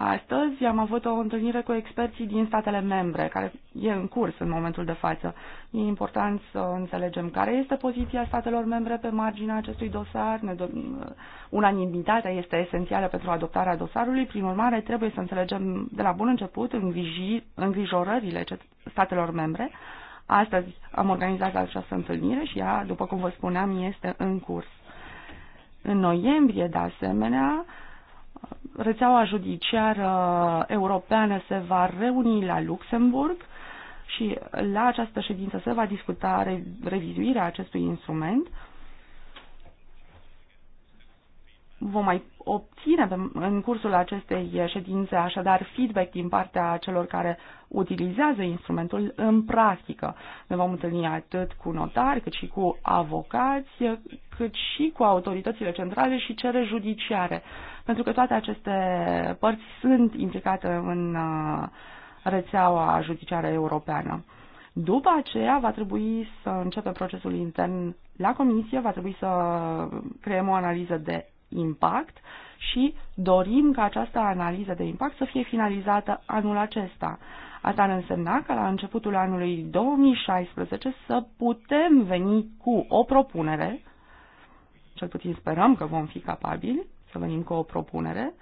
Astăzi am avut o întâlnire cu experții din statele membre, care e în curs în momentul de față. E important să înțelegem care este poziția statelor membre pe marginea acestui dosar. Unanimitatea este esențială pentru adoptarea dosarului, prin urmare trebuie să înțelegem de la bun început îngrijorările statelor membre. Astăzi am organizat această întâlnire și ea, după cum vă spuneam, este în curs. În noiembrie, de asemenea, rețeaua judiciară europeană se va reuni la Luxemburg și la această ședință se va discuta re- revizuirea acestui instrument. Vom mai obține în cursul acestei ședințe așadar feedback din partea celor care utilizează instrumentul în practică. Ne vom întâlni atât cu notari, cât și cu avocați, cât și cu autoritățile centrale și cele judiciare. Uh, pentru că toate aceste părți sunt implicate în uh, rețeaua judiciară europeană. După aceea va trebui să începem procesul intern la comisie, va trebui să creăm o analiză de impact și dorim ca această analiză de impact să fie finalizată anul acesta. Asta ar însemna că la începutul anului 2016 să putem veni cu o propunere, cel puțin sperăm că vom fi capabili, să venim cu o propunere.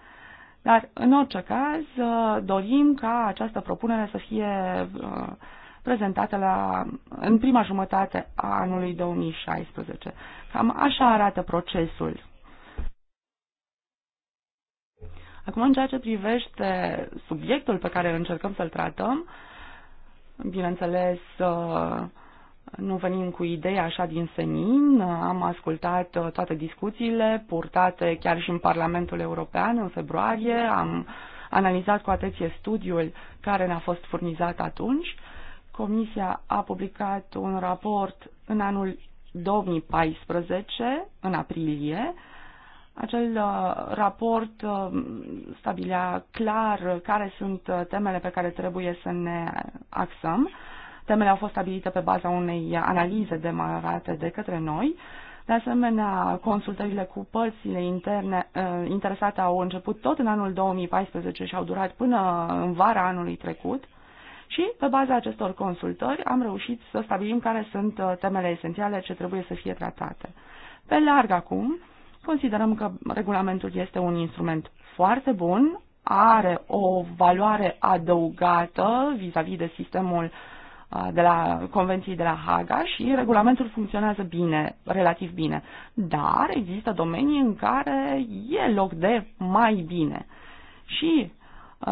Dar, în orice caz, uh, dorim ca această propunere să fie uh, prezentată la, în prima jumătate a anului 2016. Cam așa arată procesul. Acum, în ceea ce privește subiectul pe care încercăm să-l tratăm, bineînțeles, uh, nu venim cu idei așa din senin. Am ascultat uh, toate discuțiile purtate chiar și în Parlamentul European în februarie. Am analizat cu atenție studiul care ne-a fost furnizat atunci. Comisia a publicat un raport în anul 2014, în aprilie. Acel uh, raport uh, stabilea clar care sunt temele pe care trebuie să ne axăm Temele au fost stabilite pe baza unei analize demarate de către noi. De asemenea, consultările cu părțile interne, uh, interesate au început tot în anul 2014 și au durat până în vara anului trecut. Și, pe baza acestor consultări, am reușit să stabilim care sunt uh, temele esențiale ce trebuie să fie tratate. Pe larg acum, considerăm că regulamentul este un instrument foarte bun, are o valoare adăugată vis-a-vis -vis de sistemul uh, de la Convenției de la Haga și regulamentul funcționează bine, relativ bine. Dar există domenii în care e loc de mai bine. Și,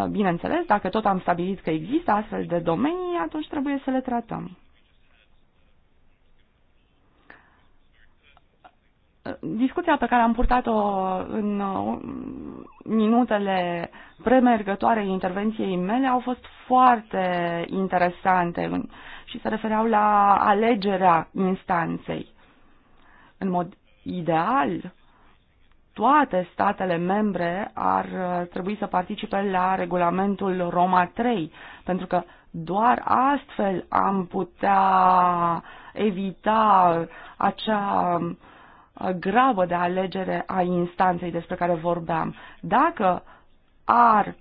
bineînțeles, dacă tot am stabilit că există astfel de domenii, atunci trebuie să le tratăm. discuția pe care am purtat-o în uh, minutele premergătoare intervenției mele au fost foarte interesante și se refereau la alegerea instanței. În mod ideal, toate statele membre ar uh, trebui să participe la regulamentul Roma 3, pentru că doar astfel am putea evita acea uh, grabă de alegere a instanței despre care vorbeam. Dacă ar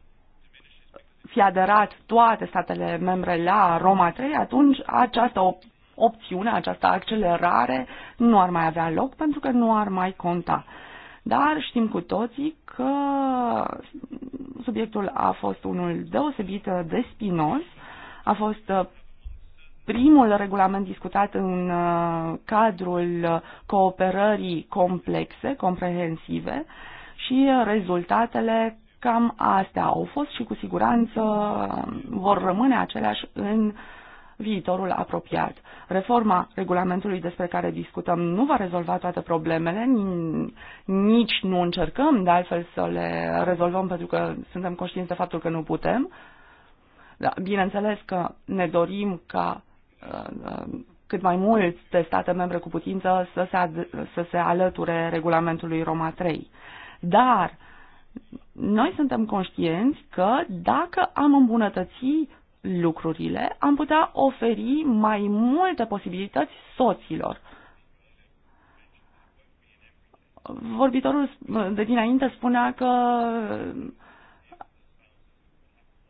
fi aderat toate statele membre la Roma 3, atunci această op- opțiune, această accelerare nu ar mai avea loc pentru că nu ar mai conta. Dar știm cu toții că subiectul a fost unul deosebit de spinos, a fost primul regulament discutat în uh, cadrul cooperării complexe, comprehensive și rezultatele cam astea au fost și cu siguranță vor rămâne aceleași în viitorul apropiat. Reforma regulamentului despre care discutăm nu va rezolva toate problemele, nici nu încercăm de altfel să le rezolvăm pentru că suntem conștienți de faptul că nu putem. Da, bineînțeles că ne dorim ca Uh, cât mai de state membre cu putință să se, să se alăture regulamentului Roma 3. Dar noi suntem conștienți că dacă am îmbunătăți lucrurile, am putea oferi mai multe posibilități soților. Vorbitorul de dinainte spunea că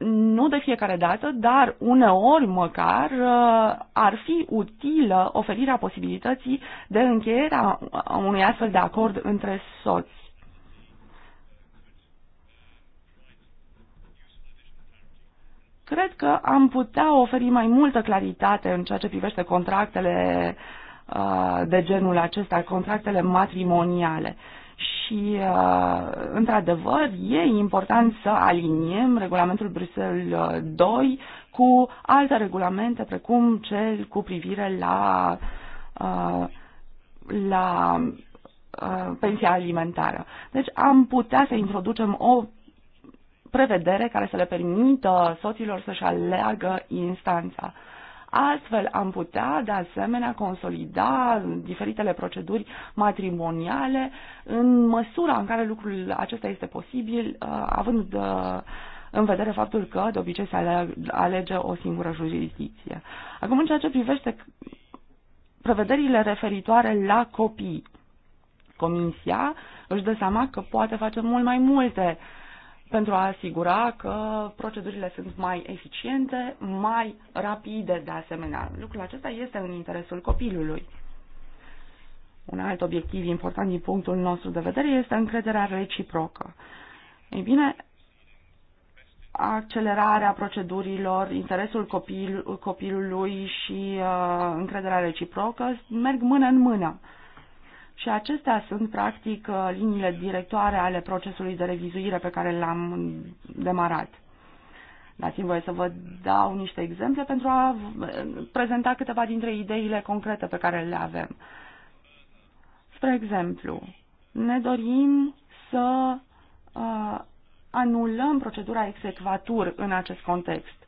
nu de fiecare dată, dar uneori măcar uh, ar fi utilă oferirea posibilității de încheierea unui astfel de acord între soți. Cred că am putea oferi mai multă claritate în ceea ce privește contractele uh, de genul acesta, contractele matrimoniale. Uh, și, uh, într-adevăr, e important să aliniem regulamentul Bruxelles 2 cu alte regulamente, precum cel cu privire la, uh, la uh, pensia alimentară. Deci am putea să introducem o prevedere care să le permită soților să-și aleagă instanța. Astfel am putea, de asemenea, consolida diferitele proceduri matrimoniale în măsura în care lucrul acesta este posibil, uh, având uh, în vedere faptul că de obicei se alege o singură jurisdicție. Acum, în ceea ce privește prevederile referitoare la copii, Comisia își dă seama că poate face mult mai multe uh, pentru a asigura că procedurile sunt mai eficiente, mai rapide de asemenea. Lucrul acesta este în interesul copilului. Un alt obiectiv important din punctul nostru de vedere este încrederea reciprocă. Ei bine, accelerarea procedurilor, interesul copil, copilului și uh, încrederea reciprocă merg mână în mână. Uh, și acestea sunt, practic, uh, liniile directoare ale procesului de revizuire pe care l-am demarat. Dați-mi voie să vă dau niște exemple pentru a uh, prezenta câteva dintre ideile concrete pe care le avem. Spre exemplu, ne dorim să uh, anulăm procedura execvatur în acest context.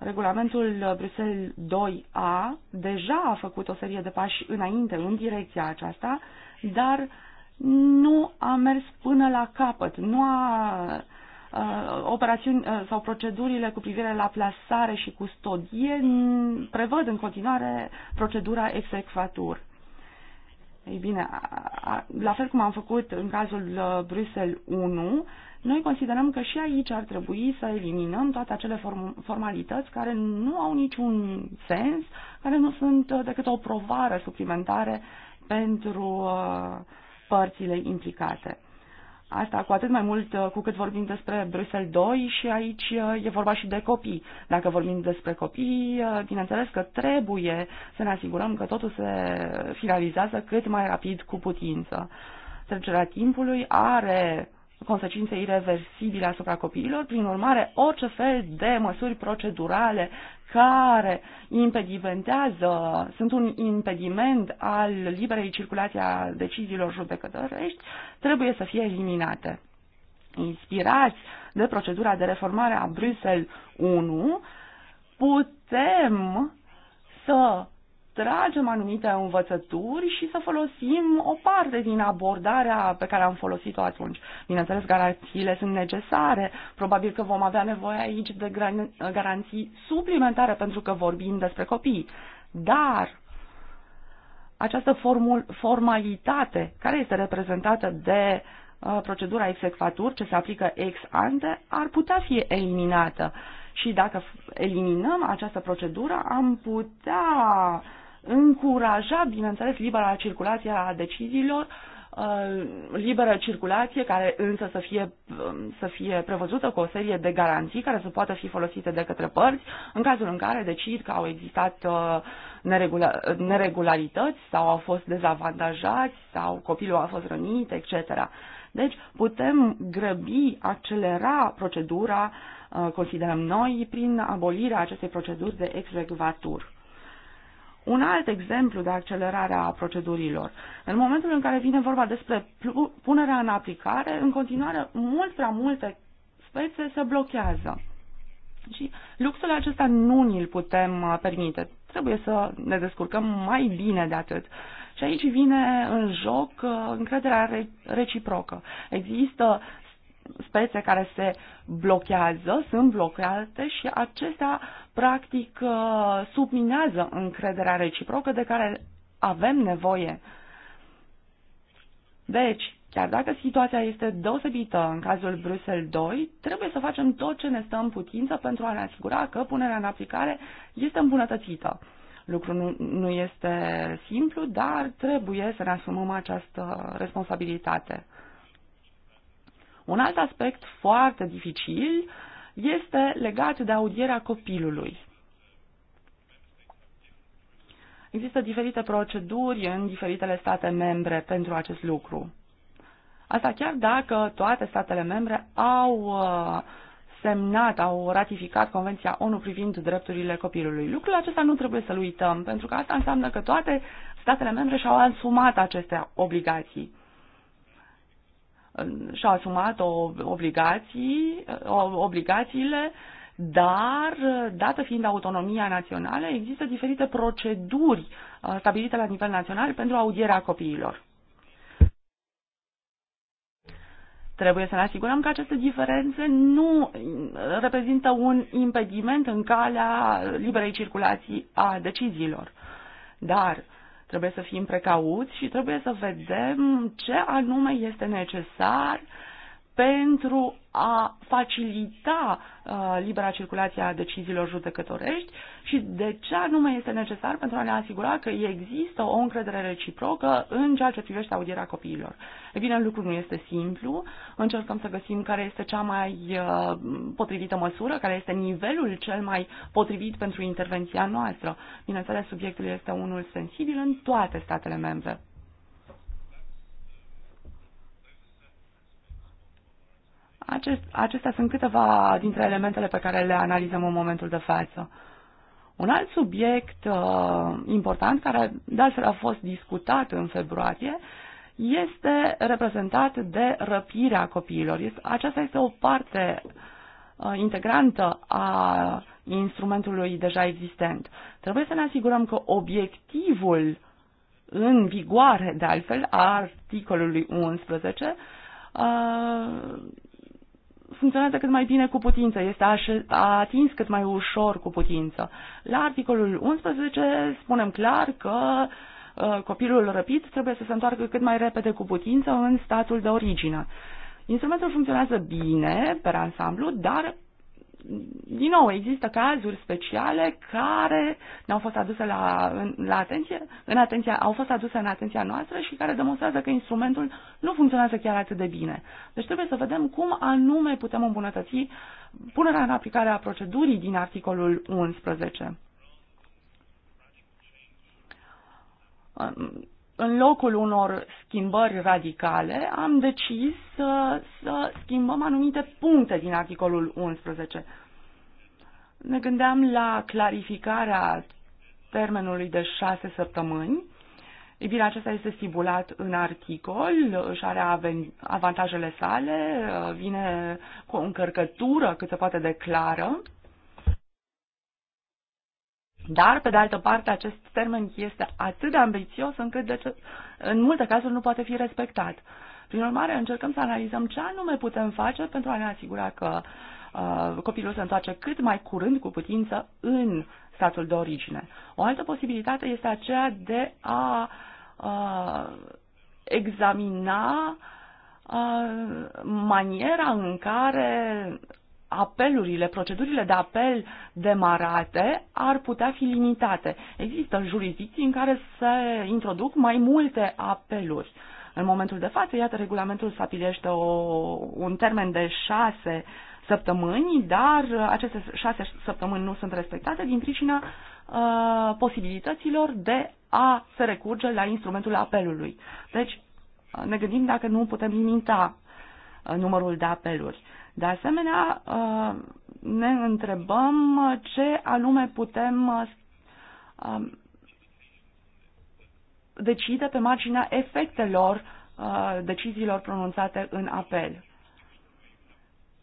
Regulamentul uh, Bruxelles 2A deja a făcut o serie de pași înainte în direcția aceasta, dar nu a mers până la capăt, nu a uh, operațiuni uh, sau procedurile cu privire la plasare și custodie prevăd în continuare procedura execvatur. Ei bine, la fel cum am făcut în cazul uh, Bruxelles 1, noi considerăm că și aici ar trebui să eliminăm toate acele form- formalități care nu au niciun sens, care nu sunt uh, decât o provară suplimentare pentru uh, părțile implicate. Asta cu atât mai mult uh, cu cât vorbim despre Bruxelles 2 și aici uh, e vorba și de copii. Dacă vorbim despre copii, uh, bineînțeles că trebuie să ne asigurăm că totul se finalizează cât mai rapid cu putință. Trecerea timpului are consecințe irreversibile asupra copiilor. Prin urmare, orice fel de măsuri procedurale care impedimentează, sunt un impediment al liberei circulații a deciziilor judecătorești, trebuie să fie eliminate. Inspirați de procedura de reformare a Bruxelles 1, putem să extragem anumite învățături și să folosim o parte din abordarea pe care am folosit-o atunci. Bineînțeles, garanțiile sunt necesare. Probabil că vom avea nevoie aici de garanții suplimentare pentru că vorbim despre copii. Dar această formul, formalitate care este reprezentată de uh, procedura execvatur ce se aplică ex ante ar putea fi eliminată. Și dacă eliminăm această procedură, am putea încuraja, bineînțeles, libera circulație a deciziilor, uh, liberă circulație care însă să fie, um, să fie prevăzută cu o serie de garanții care să poată fi folosite de către părți în cazul în care decid că au existat uh, neregula, neregularități sau au fost dezavantajați sau copilul a fost rănit, etc. Deci putem grăbi, accelera procedura, uh, considerăm noi, prin abolirea acestei proceduri de execvatur un alt exemplu de accelerare a procedurilor. În momentul în care vine vorba despre punerea în aplicare, în continuare mult prea multe spețe se blochează. Și luxul acesta nu ni-l putem uh, permite. Trebuie să ne descurcăm mai bine de atât. Și aici vine în joc uh, încrederea reciprocă. Există spețe care se blochează, sunt blocate și acestea practic uh, subminează încrederea reciprocă de care avem nevoie. Deci, chiar dacă situația este deosebită în cazul Bruxelles 2, trebuie să facem tot ce ne stă în putință pentru a ne asigura că punerea în aplicare este îmbunătățită. Lucrul nu, nu este simplu, dar trebuie să ne asumăm această responsabilitate. Un alt aspect foarte dificil este legat de audierea copilului. Există diferite proceduri în diferitele state membre pentru acest lucru. Asta chiar dacă toate statele membre au uh, semnat, au ratificat Convenția ONU privind drepturile copilului. Lucrul acesta nu trebuie să-l uităm, pentru că asta înseamnă că toate statele membre și-au asumat aceste obligații și a asumat o obligații, obligațiile, dar, dată fiind autonomia națională, există diferite proceduri uh, stabilite la nivel național pentru audierea copiilor. Trebuie să ne asigurăm că aceste diferențe nu uh, reprezintă un impediment în calea liberei circulații a deciziilor. Dar Trebuie să fim precauți și trebuie să vedem ce anume este necesar uh, pentru a facilita uh, libera circulație a deciziilor judecătorești și de ce anume este necesar pentru a ne asigura că există o încredere reciprocă în ceea ce privește audierea copiilor. E bine, lucrul nu este simplu, încercăm să găsim care este cea mai uh, potrivită măsură, care este nivelul cel mai potrivit pentru intervenția noastră. Bineînțeles, subiectul este unul sensibil în toate statele membre. Acest, acestea sunt câteva dintre elementele pe care le analizăm în momentul de față. Un alt subiect uh, important, care de altfel a fost discutat în februarie, este reprezentat de răpirea copiilor. Este, aceasta este o parte uh, integrantă a instrumentului deja existent. Trebuie să ne asigurăm că obiectivul în vigoare, de altfel, a articolului 11 uh, funcționează cât mai bine cu putință, este atins cât mai ușor cu putință. La articolul 11 spunem clar că uh, copilul răpit trebuie să se întoarcă cât mai repede cu putință în statul de origine. Instrumentul funcționează bine pe ansamblu, dar din nou, există cazuri speciale care ne-au fost aduse la, la atenție, în atenția, au fost aduse în atenția noastră și care demonstrează că instrumentul nu funcționează chiar atât de bine. Deci trebuie să vedem cum anume putem îmbunătăți punerea în aplicare a procedurii din articolul 11 în locul unor schimbări radicale, am decis să, să schimbăm anumite puncte din articolul 11. Ne gândeam la clarificarea termenului de șase săptămâni. Ei bine, acesta este stipulat în articol, își are avantajele sale, vine cu o încărcătură cât se poate de clară dar, pe de altă parte, acest termen este atât de ambițios încât de ce, în multe cazuri nu poate fi respectat. Prin urmare, încercăm să analizăm ce anume putem face pentru a ne asigura că uh, copilul se întoarce cât mai curând cu putință în statul de origine. O altă posibilitate este aceea de a uh, examina uh, maniera în care apelurile, procedurile de apel demarate ar putea fi limitate. Există jurisdicții în care se introduc mai multe apeluri. În momentul de față, iată, regulamentul stabilește o, un termen de șase săptămâni, dar aceste șase săptămâni nu sunt respectate din pricina uh, posibilităților de a se recurge la instrumentul apelului. Deci, ne gândim dacă nu putem limita uh, numărul de apeluri. De asemenea, uh, ne întrebăm ce anume putem uh, um, decide pe marginea efectelor uh, deciziilor pronunțate în apel.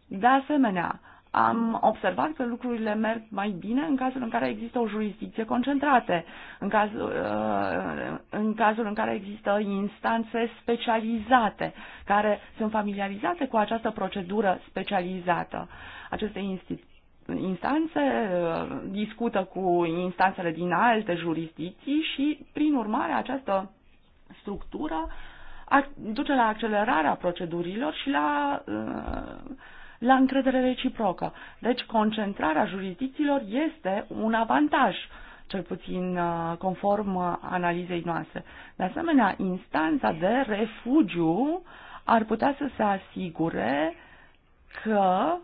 De asemenea, am observat că lucrurile merg mai bine în cazul în care există o jurisdicție concentrată, în cazul, uh, în cazul în care există instanțe specializate care sunt familiarizate cu această procedură specializată. Aceste instanțe, uh, discută cu instanțele din alte jurisdicții și, prin urmare, această structură duce la accelerarea procedurilor și la uh, la încredere reciprocă. Deci concentrarea jurisdicțiilor este un avantaj cel puțin uh, conform uh, analizei noastre. De asemenea, instanța de refugiu ar putea să se asigure că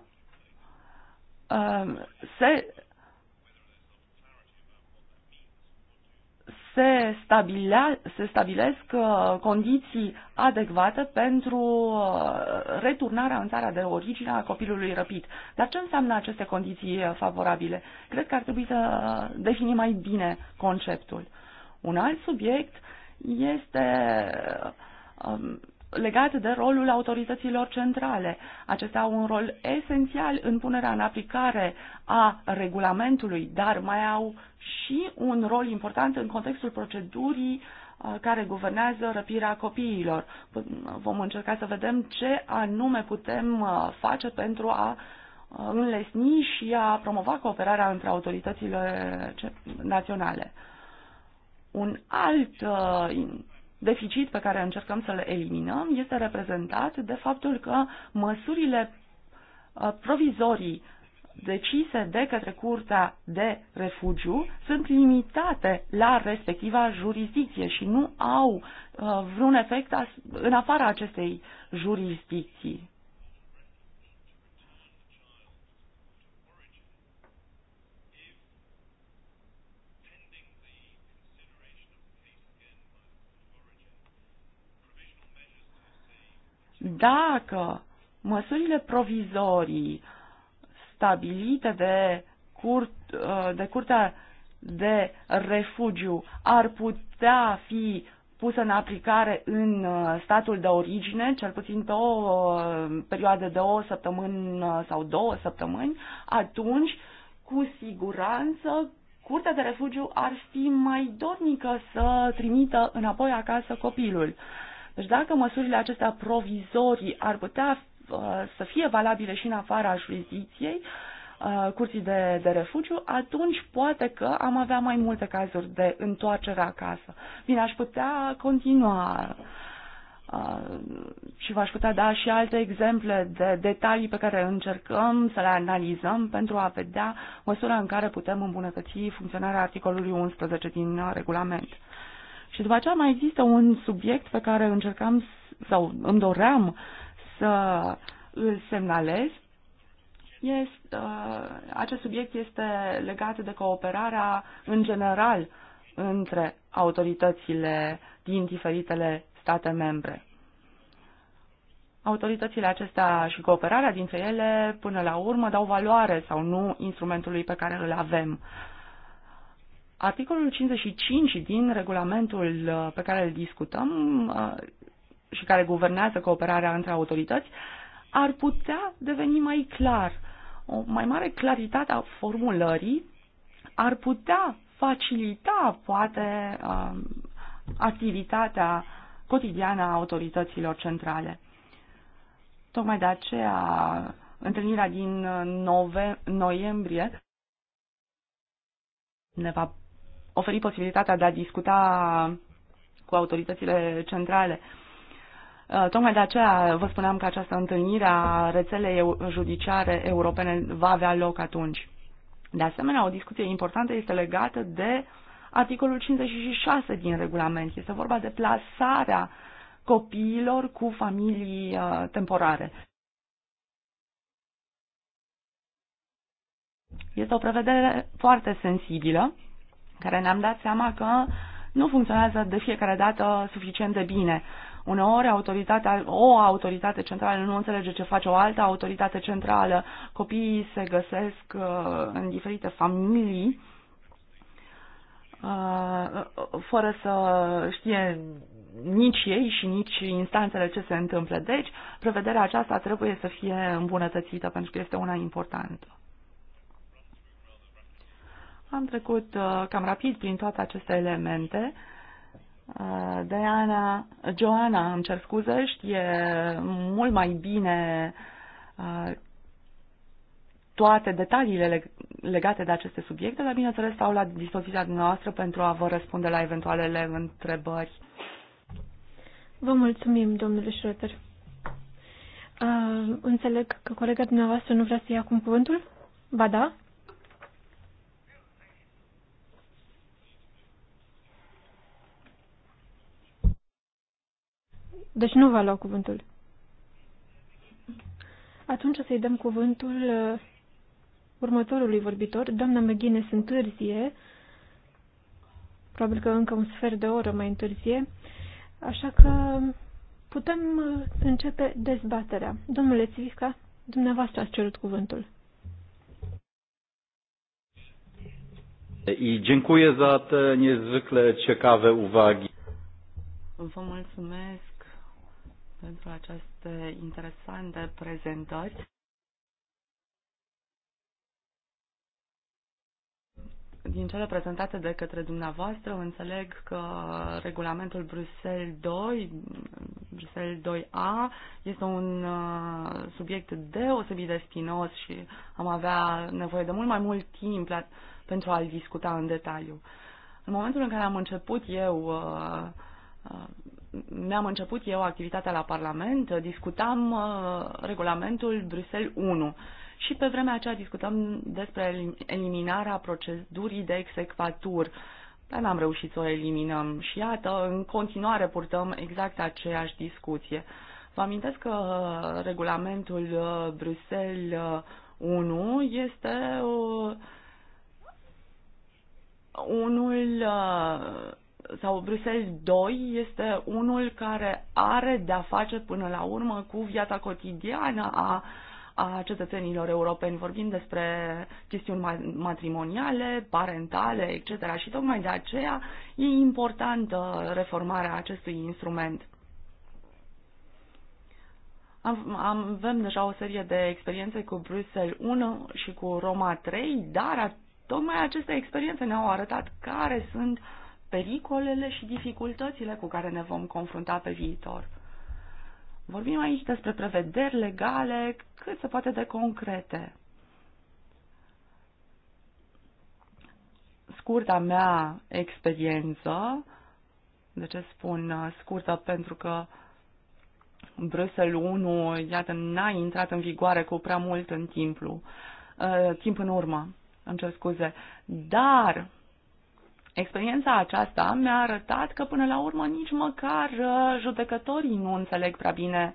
uh, se se, stabilea, se stabilesc uh, condiții adecvate pentru uh, returnarea în țara de origine a copilului răpit. Dar ce înseamnă aceste condiții uh, favorabile? Cred că ar trebui să definim mai bine conceptul. Un alt subiect este um, legat de rolul autorităților centrale. Acestea au un rol esențial în punerea în aplicare a regulamentului, dar mai au și un rol important în contextul procedurii uh, care guvernează răpirea copiilor. Vom încerca să vedem ce anume putem uh, face pentru a uh, înlesni și a promova cooperarea între autoritățile naționale. Un alt deficit pe care încercăm să-l eliminăm este reprezentat de faptul că măsurile uh, provizorii decise de către Curtea de Refugiu sunt limitate la respectiva jurisdicție și nu au uh, vreun efect în afara acestei jurisdicții. Dacă măsurile provizorii stabilite de, curt, uh, de Curtea de Refugiu ar putea fi pusă în aplicare în uh, statul de origine, cel puțin pe o uh, perioadă de o săptămână sau două săptămâni, atunci, cu siguranță, Curtea de Refugiu ar fi mai dornică să trimită înapoi acasă copilul. Deci dacă măsurile acestea provizorii ar putea uh, să fie valabile și în afara jurisdicției, uh, curții de, de refugiu, atunci poate că am avea mai multe cazuri de întoarcere acasă. Bine, aș putea continua uh, și v-aș putea da și alte exemple de detalii pe care încercăm să le analizăm pentru a vedea măsura în care putem îmbunătăți funcționarea articolului 11 din regulament. Și după aceea mai există un subiect pe care încercam sau îmi doream să îl semnalez. Este, uh, acest subiect este legat de cooperarea în general între autoritățile din diferitele state membre. Autoritățile acestea și cooperarea dintre ele, până la urmă, dau valoare sau nu instrumentului pe care îl avem. Articolul 55 din regulamentul uh, pe care îl discutăm uh, și care guvernează cooperarea între autorități ar putea deveni mai clar. O mai mare claritate a formulării ar putea facilita, poate, uh, activitatea cotidiană a autorităților centrale. Tocmai de aceea, întâlnirea din nove- noiembrie ne va oferi posibilitatea de a discuta cu autoritățile centrale. Uh, tocmai de aceea vă spuneam că această întâlnire a rețelei judiciare europene va avea loc atunci. De asemenea, o discuție importantă este legată de articolul 56 din regulament. Este vorba de plasarea copiilor cu familii uh, temporare. Este o prevedere foarte sensibilă care ne-am dat seama că nu funcționează de fiecare dată suficient de bine. Uneori autoritatea, o autoritate centrală nu înțelege ce face o altă autoritate centrală, copiii se găsesc uh, în diferite familii uh, fără să știe nici ei și nici instanțele ce se întâmplă. Deci, prevederea aceasta trebuie să fie îmbunătățită pentru că este una importantă. Am trecut uh, cam rapid prin toate aceste elemente. Uh, Diana, Joana, îmi cer scuze, știe mult mai bine uh, toate detaliile legate de aceste subiecte, dar bineînțeles stau la dispoziția noastră pentru a vă răspunde la eventualele întrebări. Vă mulțumim, domnule Schroeder. Uh, înțeleg că colega dumneavoastră nu vrea să ia acum cuvântul? Ba da? Deci nu va lua cuvântul. Atunci o să-i dăm cuvântul uh, următorului vorbitor. Doamna Măghine se întârzie, probabil că încă un sfert de oră mai întârzie, așa că putem uh, începe dezbaterea. Domnule Țivica, dumneavoastră ați cerut cuvântul. I dziękuję za te niezwykle ciekawe uwagi. Vă mulțumesc pentru aceste interesante prezentări. Din cele prezentate de către dumneavoastră, înțeleg că regulamentul Bruxelles 2, Bruxelles 2A, este un uh, subiect deosebit de spinos și am avea nevoie de mult mai mult timp pentru a-l discuta în detaliu. În momentul în care am început eu uh, uh, ne am început eu activitatea la Parlament, discutam uh, regulamentul Bruxelles 1 și pe vremea aceea discutam despre eliminarea procedurii de execvatur. Dar n-am reușit să o eliminăm și iată, în continuare purtăm exact aceeași discuție. Vă amintesc că uh, regulamentul uh, Bruxelles 1 este o, unul sau Bruxelles 2 este unul care are de-a face până la urmă cu viața cotidiană a, a cetățenilor europeni. Vorbim despre chestiuni matrimoniale, parentale, etc. Și tocmai de aceea e importantă reformarea acestui instrument. Am, avem deja o serie de experiențe cu Bruxelles 1 și cu Roma 3, dar tocmai aceste experiențe ne-au arătat care sunt uh, pericolele și dificultățile cu care ne vom confrunta pe viitor. Vorbim aici despre prevederi legale cât se poate de concrete. Scurta mea experiență, de ce spun uh, scurtă? Pentru că Bruxelles 1, iată, n-a intrat în vigoare cu prea mult în timpul, uh, timp în urmă, îmi cer scuze. Dar Experiența aceasta mi-a arătat că până la urmă nici măcar uh, judecătorii nu înțeleg prea bine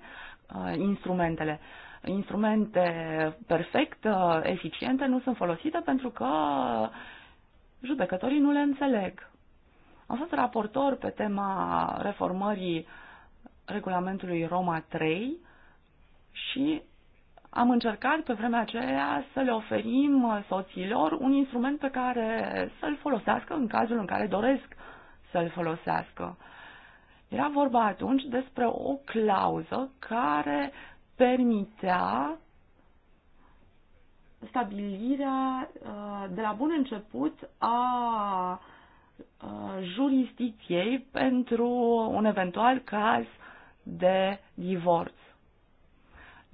uh, instrumentele. Instrumente perfect, uh, eficiente, nu sunt folosite pentru că judecătorii nu le înțeleg. Am fost raportor pe tema reformării regulamentului Roma 3 și am încercat pe vremea aceea să le oferim soților un instrument pe care să-l folosească în cazul în care doresc să-l folosească. Era vorba atunci despre o clauză care permitea stabilirea uh, de la bun început a uh, jurisdicției pentru un eventual caz de divorț.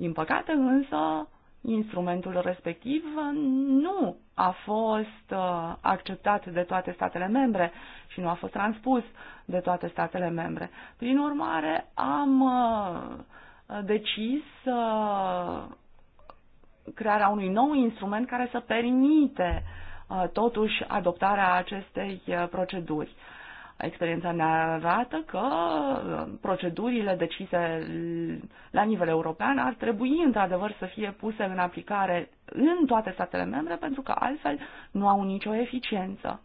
Din păcate însă, instrumentul respectiv nu a fost uh, acceptat de toate statele membre și nu a fost transpus de toate statele membre. Prin urmare, am uh, decis uh, crearea unui nou instrument care să permite totuși adoptarea acestei proceduri. Experiența ne arată că uh, procedurile decise la nivel european ar trebui într-adevăr să fie puse în aplicare în toate statele membre pentru că altfel nu au nicio eficiență.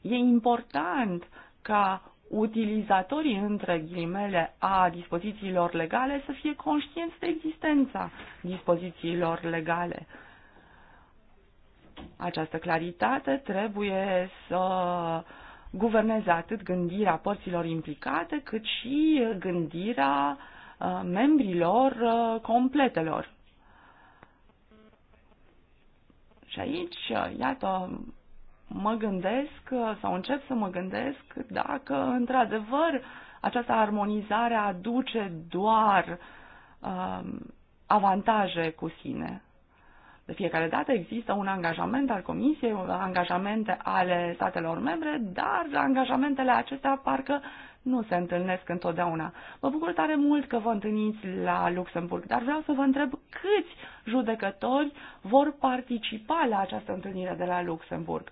E important ca utilizatorii, între ghilimele, a dispozițiilor legale să fie conștienți de existența dispozițiilor legale. Această claritate trebuie să guverneze atât gândirea părților implicate, cât și gândirea uh, membrilor uh, completelor. Și aici, uh, iată, mă gândesc sau încep să mă gândesc dacă, într-adevăr, această armonizare aduce doar uh, avantaje cu sine. De fiecare dată există un angajament al Comisiei, angajamente ale statelor membre, dar angajamentele acestea parcă nu se întâlnesc întotdeauna. Mă bucur tare mult că vă întâlniți la Luxemburg, dar vreau să vă întreb câți judecători vor participa la această întâlnire de la Luxemburg.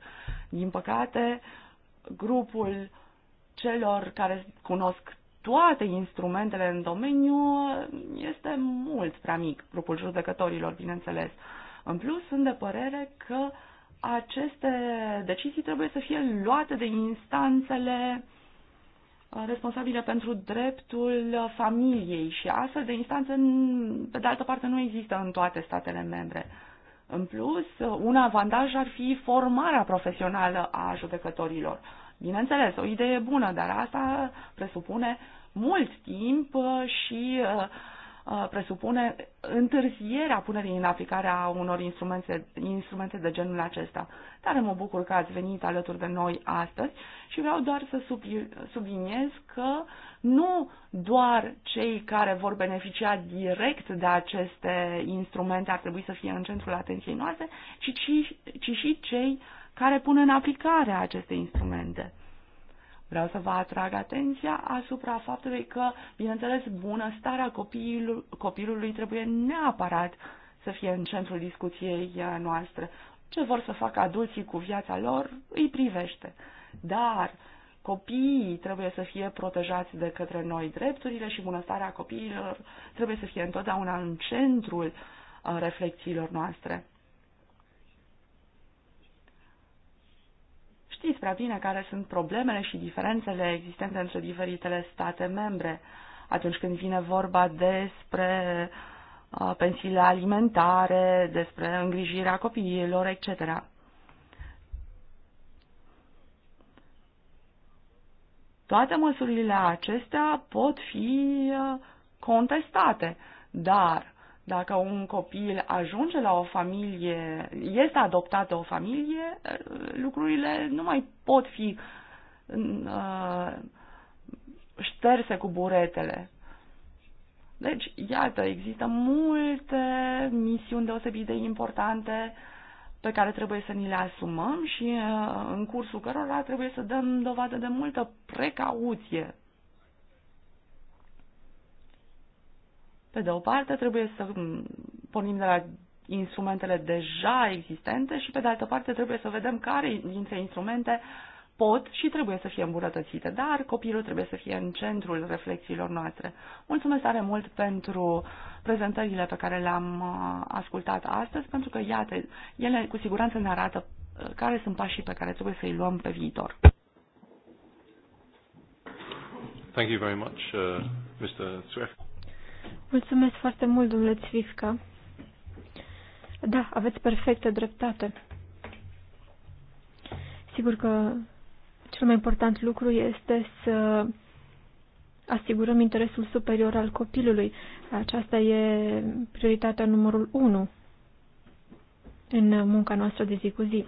Din păcate, grupul celor care cunosc toate instrumentele în domeniu este mult prea mic, grupul judecătorilor, bineînțeles. Uh, în plus, sunt de părere că aceste decizii trebuie să fie luate de instanțele uh, responsabile pentru dreptul familiei și astfel de instanțe, pe de altă parte, nu există în toate statele membre. În plus, uh, un avantaj ar fi formarea profesională a judecătorilor. Bineînțeles, o idee bună, dar asta presupune mult timp uh, și Uh, presupune întârzierea punerii în aplicare a unor instrumente, instrumente de genul acesta. Dar mă bucur că ați venit alături de noi astăzi și vreau doar să subliniez că nu doar cei care vor beneficia direct de aceste instrumente ar trebui să fie în centrul atenției noastre, ci, ci, ci și cei care pun în aplicare aceste instrumente. Vreau să vă atrag atenția asupra faptului că, bineînțeles, bunăstarea copilului, copilului trebuie neapărat să fie în centrul discuției uh, noastre. Ce vor să facă adulții cu viața lor îi privește. Dar copiii trebuie să fie protejați de către noi. Drepturile și bunăstarea copiilor trebuie să fie întotdeauna în centrul uh, reflexiilor noastre. Știți prea bine care sunt problemele și diferențele existente între diferitele state membre atunci când vine vorba despre pensiile alimentare, despre îngrijirea copiilor, etc. Toate măsurile acestea pot fi contestate, dar dacă un copil ajunge la o familie, este adoptat de o familie, lucrurile nu mai pot fi uh, șterse cu buretele. Deci, iată, există multe misiuni deosebit de importante pe care trebuie să ni le asumăm și uh, în cursul cărora trebuie să dăm dovadă de multă precauție Pe de o parte, trebuie să pornim de la instrumentele deja existente și, pe de altă parte, trebuie să vedem care dintre instrumente pot și trebuie să fie îmbunătățite, dar copilul trebuie să fie în centrul reflexiilor noastre. Mulțumesc tare mult pentru prezentările pe care le-am uh, ascultat astăzi, pentru că, iată, ele cu siguranță ne arată uh, care sunt pașii pe care trebuie să-i luăm pe viitor. Thank you very much, uh, Mr. Swift. Mulțumesc foarte mult, domnule Țvifca. Da, aveți perfectă dreptate. Sigur că cel mai important lucru este să asigurăm interesul superior al copilului. Aceasta e prioritatea numărul 1 în munca noastră de zi cu zi.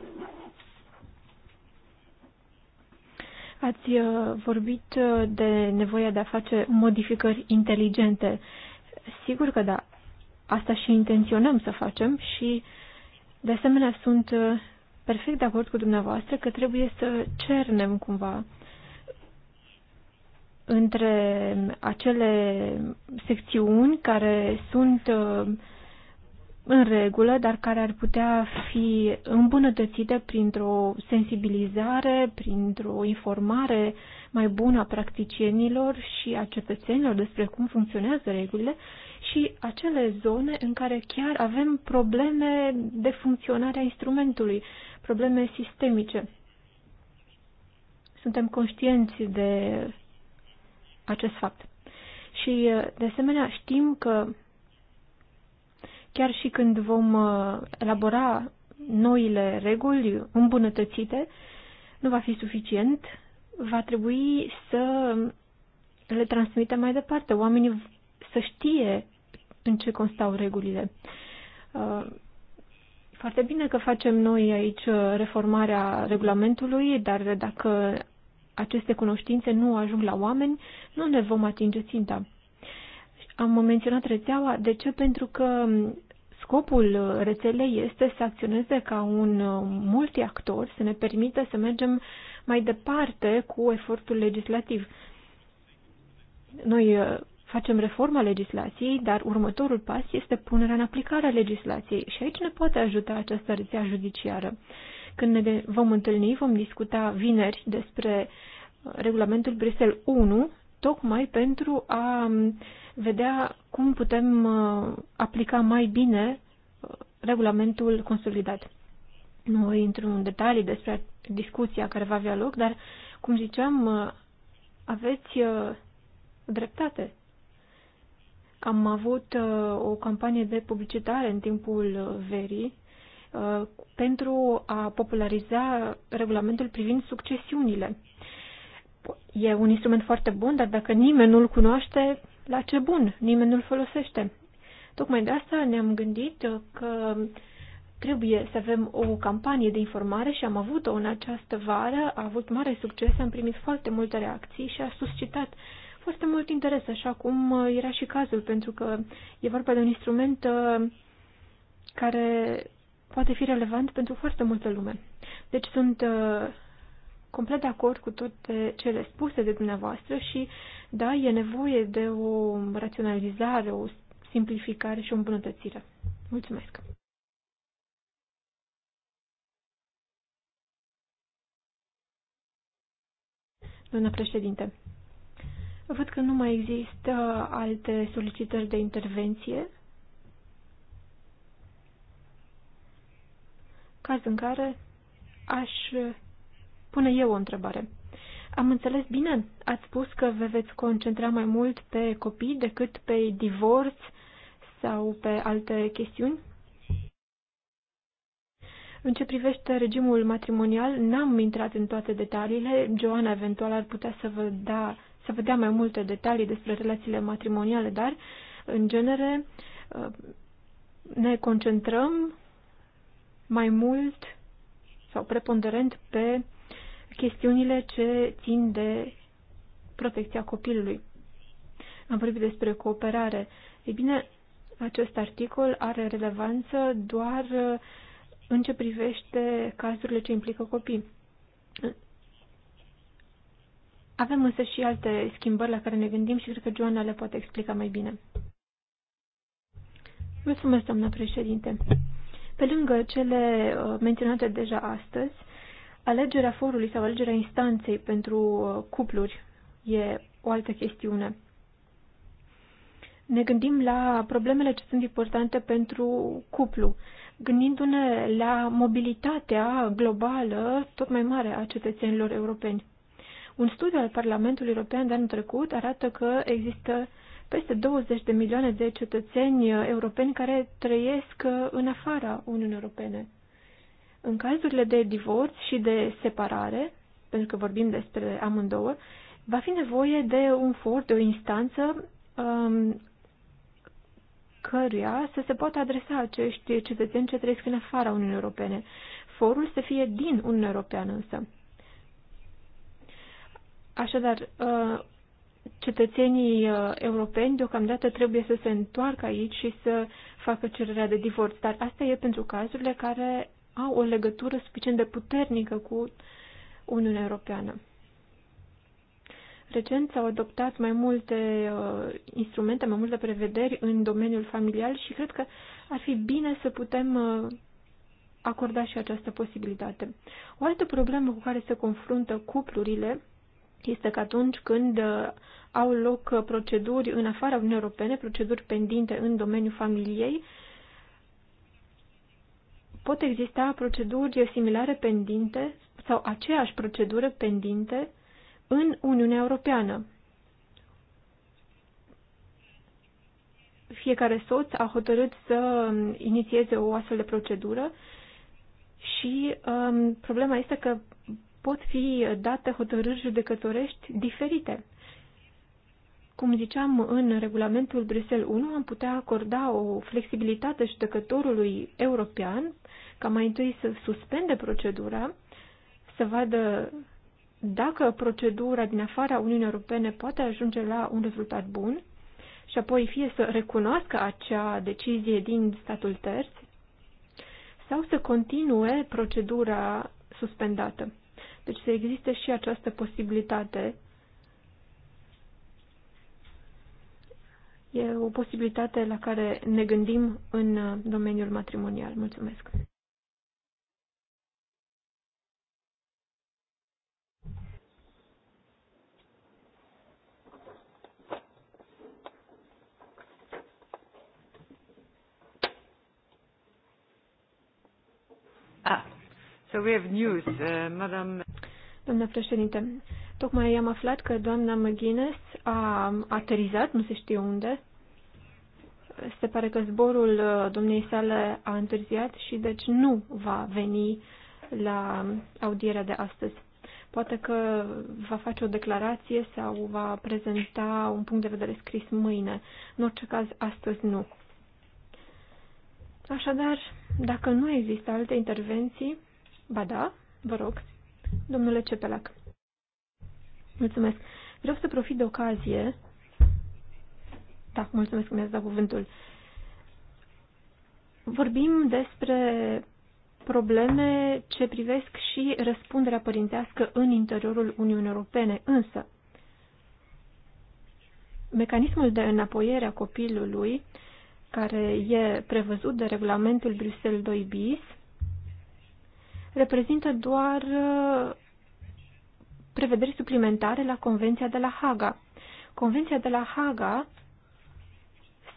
Ați uh, vorbit uh, de nevoia de a face modificări inteligente Sigur că da, asta și intenționăm să facem și, de asemenea, sunt uh, perfect de acord cu dumneavoastră că trebuie să cernem cumva între acele secțiuni care sunt uh, în regulă, dar care ar putea fi îmbunătățite printr-o sensibilizare, printr-o informare mai bună a practicienilor și a cetățenilor despre cum funcționează regulile și acele zone în care chiar avem probleme de funcționare a instrumentului, probleme sistemice. Suntem conștienți de acest fapt. Și, de asemenea, știm că chiar și când vom uh, elabora noile reguli îmbunătățite, nu va fi suficient. Va trebui să le transmitem mai departe. Oamenii să știe în ce constau regulile. Uh, foarte bine că facem noi aici uh, reformarea regulamentului, dar dacă aceste cunoștințe nu ajung la oameni, nu ne vom atinge ținta. Am menționat rețeaua. De ce? Pentru că um, Scopul rețelei este să acționeze ca un uh, multiactor, să ne permită să mergem mai departe cu efortul legislativ. Noi uh, facem reforma legislației, dar următorul pas este punerea în aplicare a legislației și aici ne poate ajuta această rețea judiciară. Când ne vom întâlni, vom discuta vineri despre uh, regulamentul Bruxelles 1, tocmai pentru a uh, vedea cum putem uh, aplica mai bine uh, regulamentul consolidat. Nu voi intru în detalii despre discuția care va avea loc, dar, cum ziceam, uh, aveți dreptate. Am avut o campanie de publicitare în timpul verii pentru a populariza regulamentul privind succesiunile. E un instrument foarte bun, dar dacă nimeni nu-l cunoaște, la ce bun, nimeni nu-l folosește. Tocmai de asta ne-am gândit că trebuie să avem o campanie de informare și am avut-o în această vară, a avut mare succes, am primit foarte multe reacții și a suscitat foarte mult interes, așa cum era și cazul, pentru că e vorba de un instrument uh, care poate fi relevant pentru foarte multă lume. Deci sunt uh, complet de acord cu toate cele spuse de dumneavoastră și, da, e nevoie de o raționalizare, o simplificare și o îmbunătățire. Mulțumesc! Doamna președinte, văd că nu mai există alte solicitări de intervenție. Caz în care aș pune eu o întrebare. Am înțeles bine? Ați spus că vă veți concentra mai mult pe copii decât pe divorț sau pe alte chestiuni? În ce privește regimul matrimonial, n-am intrat în toate detaliile. Joana eventual ar putea să vă, da, să vă dea mai multe detalii despre relațiile matrimoniale, dar, în genere, ă, ne concentrăm mai mult sau preponderent pe chestiunile ce țin de protecția copilului. Am vorbit despre cooperare. Ei bine, acest articol are relevanță doar uh, în ce privește cazurile ce implică copii. Avem însă și alte schimbări la care ne gândim și cred că Joana le poate explica mai bine. Mulțumesc, doamna președinte. Pe lângă cele uh, menționate deja astăzi, Alegerea forului sau alegerea instanței pentru uh, cupluri e o altă chestiune. Ne gândim la problemele ce sunt importante pentru cuplu, gândindu-ne la mobilitatea globală tot mai mare a cetățenilor europeni. Un studiu al Parlamentului European de anul trecut arată că există peste 20 de milioane de cetățeni uh, europeni care trăiesc uh, în afara Uniunii Europene. În cazurile de divorț și de separare, pentru că vorbim despre amândouă, va fi nevoie de un for, de o instanță um, căruia să se poată adresa acești cetățeni ce trăiesc în afara Uniunii Europene. Forul să fie din Uniunea Europeană însă. Așadar, uh, cetățenii uh, europeni deocamdată trebuie să se întoarcă aici și să facă cererea de divorț, dar asta e pentru cazurile care au o legătură suficient de puternică cu Uniunea Europeană. Recent s-au adoptat mai multe uh, instrumente, mai multe prevederi în domeniul familial și cred că ar fi bine să putem uh, acorda și această posibilitate. O altă problemă cu care se confruntă cuplurile este că atunci când uh, au loc uh, proceduri în afara Uniunii Europene, proceduri pendinte în domeniul familiei, uh, pot exista proceduri similare pendinte sau aceeași procedură pendinte în Uniunea Europeană. Fiecare soț a hotărât să inițieze o astfel de procedură și um, problema este că pot fi date hotărâri judecătorești diferite. Cum ziceam, în regulamentul Bruxelles 1 am putea acorda o flexibilitate judecătorului european ca mai întâi să suspende procedura, să vadă dacă procedura din afara Uniunii Europene poate ajunge la un rezultat bun și apoi fie să recunoască acea decizie din statul terț sau să continue procedura suspendată. Deci să existe și această posibilitate E o posibilitate la care ne gândim în uh, domeniul matrimonial. Mulțumesc! Ah, so we have news, uh, Madam. Doamna președinte, tocmai am aflat că doamna McGuinness a aterizat, nu se știe unde se pare că zborul uh, domniei sale a întârziat și deci nu va veni la audierea de astăzi. Poate că va face o declarație sau va prezenta un punct de vedere scris mâine. În orice caz, astăzi nu. Așadar, dacă nu există alte intervenții, ba da, vă rog, domnule Cepelac. Mulțumesc. Vreau să profit de ocazie da, mulțumesc că mi-ați dat cuvântul. Vorbim despre probleme ce privesc și răspunderea părintească în interiorul Uniunii Europene, însă mecanismul de înapoiere a copilului care e prevăzut de regulamentul Bruxelles 2 bis reprezintă doar uh, prevederi suplimentare la Convenția de la Haga. Convenția de la Haga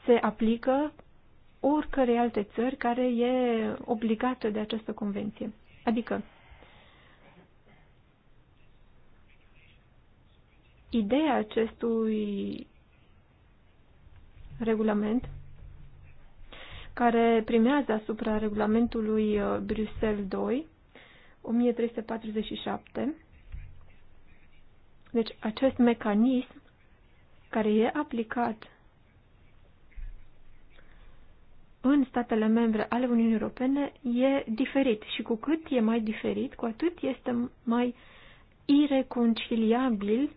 se aplică oricărei alte țări care e obligată de această convenție. Adică, ideea acestui regulament care primează asupra regulamentului uh, Bruxelles 2, 1347. Deci acest mecanism care e aplicat în statele membre ale Uniunii Europene e diferit și cu cât e mai diferit, cu atât este mai ireconciliabil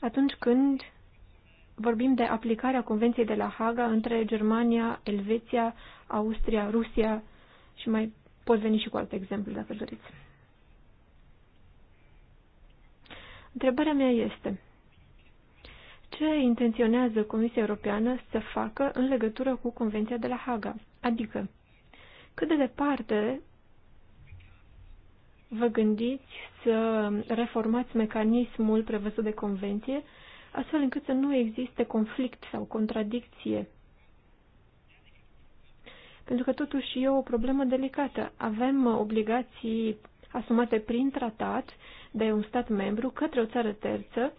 atunci când vorbim de aplicarea Convenției de la Haga între Germania, Elveția, Austria, Rusia și mai pot veni și cu alte exemple dacă doriți. Întrebarea mea este, ce intenționează Comisia Europeană să facă în legătură cu Convenția de la Haga? Adică, cât de departe vă gândiți să reformați mecanismul prevăzut de Convenție, astfel încât să nu existe conflict sau contradicție pentru că totuși e o problemă delicată. Avem obligații asumate prin tratat de un stat membru către o țară terță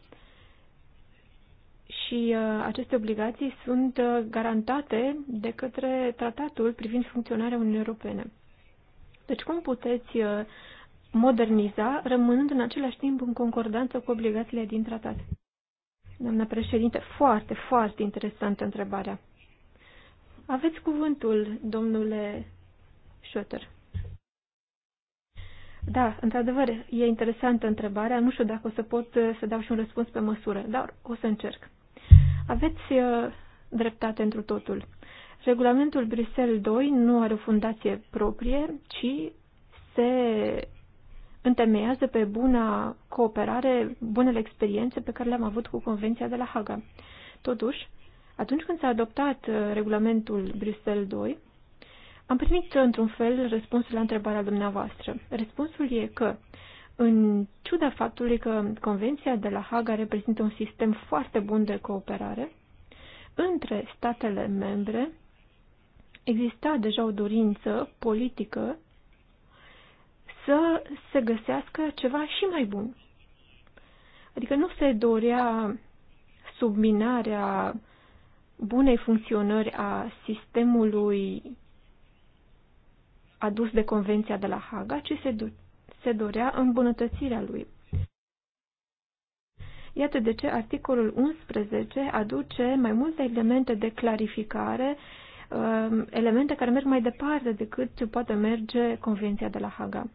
și uh, aceste obligații sunt uh, garantate de către tratatul privind funcționarea Uniunii Europene. Deci cum puteți uh, moderniza, rămânând în același timp în concordanță cu obligațiile din tratat? Doamna președinte, foarte, foarte interesantă întrebarea. Aveți cuvântul, domnule Schotter. Da, într-adevăr, e interesantă întrebarea. Nu știu dacă o să pot să dau și un răspuns pe măsură, dar o să încerc. Aveți uh, dreptate întru totul. Regulamentul Bruxelles 2 nu are o fundație proprie, ci se întemeiază pe buna cooperare, bunele experiențe pe care le-am avut cu Convenția de la Haga. Totuși, atunci când s-a adoptat uh, regulamentul Bruxelles 2, am primit într-un fel răspunsul la întrebarea dumneavoastră. Răspunsul e că în ciuda faptului că Convenția de la Haga reprezintă un sistem foarte bun de cooperare, între statele membre exista deja o dorință politică să se găsească ceva și mai bun. Adică nu se dorea subminarea bunei funcționări a sistemului adus de Convenția de la Haga, ci se se dorea îmbunătățirea lui. Iată de ce articolul 11 aduce mai multe elemente de clarificare, um, elemente care merg mai departe decât poate merge Convenția de la Haga.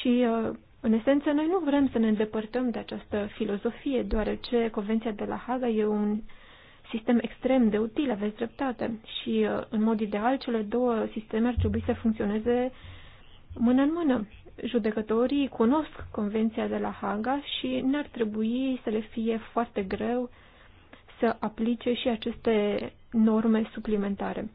Și, uh, în esență, noi nu vrem să ne îndepărtăm de această filozofie, deoarece Convenția de la Haga e un sistem extrem de util, aveți dreptate. Și, uh, în mod ideal, cele două sisteme ar trebui să funcționeze mână în mână judecătorii cunosc Convenția de la Haga și n-ar trebui să le fie foarte greu să aplice și aceste norme suplimentare.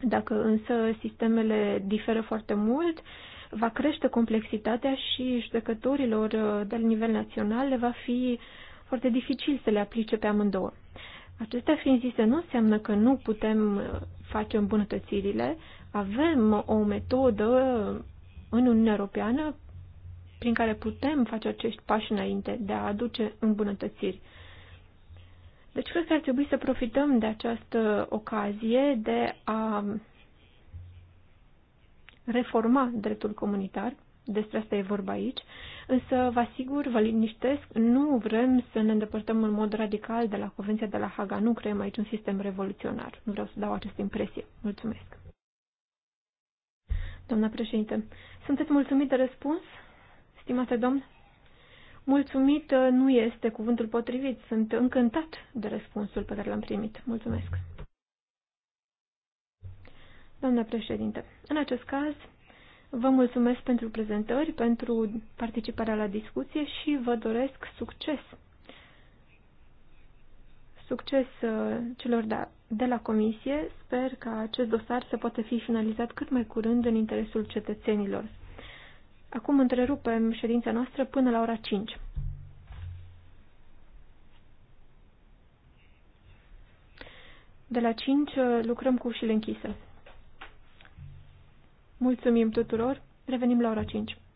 Dacă însă sistemele diferă foarte mult, va crește complexitatea și judecătorilor de la nivel național le va fi foarte dificil să le aplice pe amândouă. Acestea fiind zise, nu înseamnă că nu putem face îmbunătățirile. Avem o metodă în Uniunea Europeană prin care putem face acești pași înainte de a aduce îmbunătățiri. Deci cred că ar trebui să profităm de această ocazie de a reforma dreptul comunitar, despre asta e vorba aici, însă vă asigur, vă liniștesc, nu vrem să ne îndepărtăm în mod radical de la Convenția de la Haga, nu creăm aici un sistem revoluționar. Nu vreau să dau această impresie. Mulțumesc! doamna președinte. Sunteți mulțumit de răspuns, stimate domn? Mulțumit uh, nu este cuvântul potrivit. Sunt încântat de răspunsul pe care l-am primit. Mulțumesc. Doamna președinte, în acest caz, vă mulțumesc pentru prezentări, pentru participarea la discuție și vă doresc succes Succes uh, celor de, de la Comisie. Sper ca acest dosar să poată fi finalizat cât mai curând în interesul cetățenilor. Acum întrerupem ședința noastră până la ora 5. De la 5 uh, lucrăm cu ușile închise. Mulțumim tuturor, revenim la ora 5.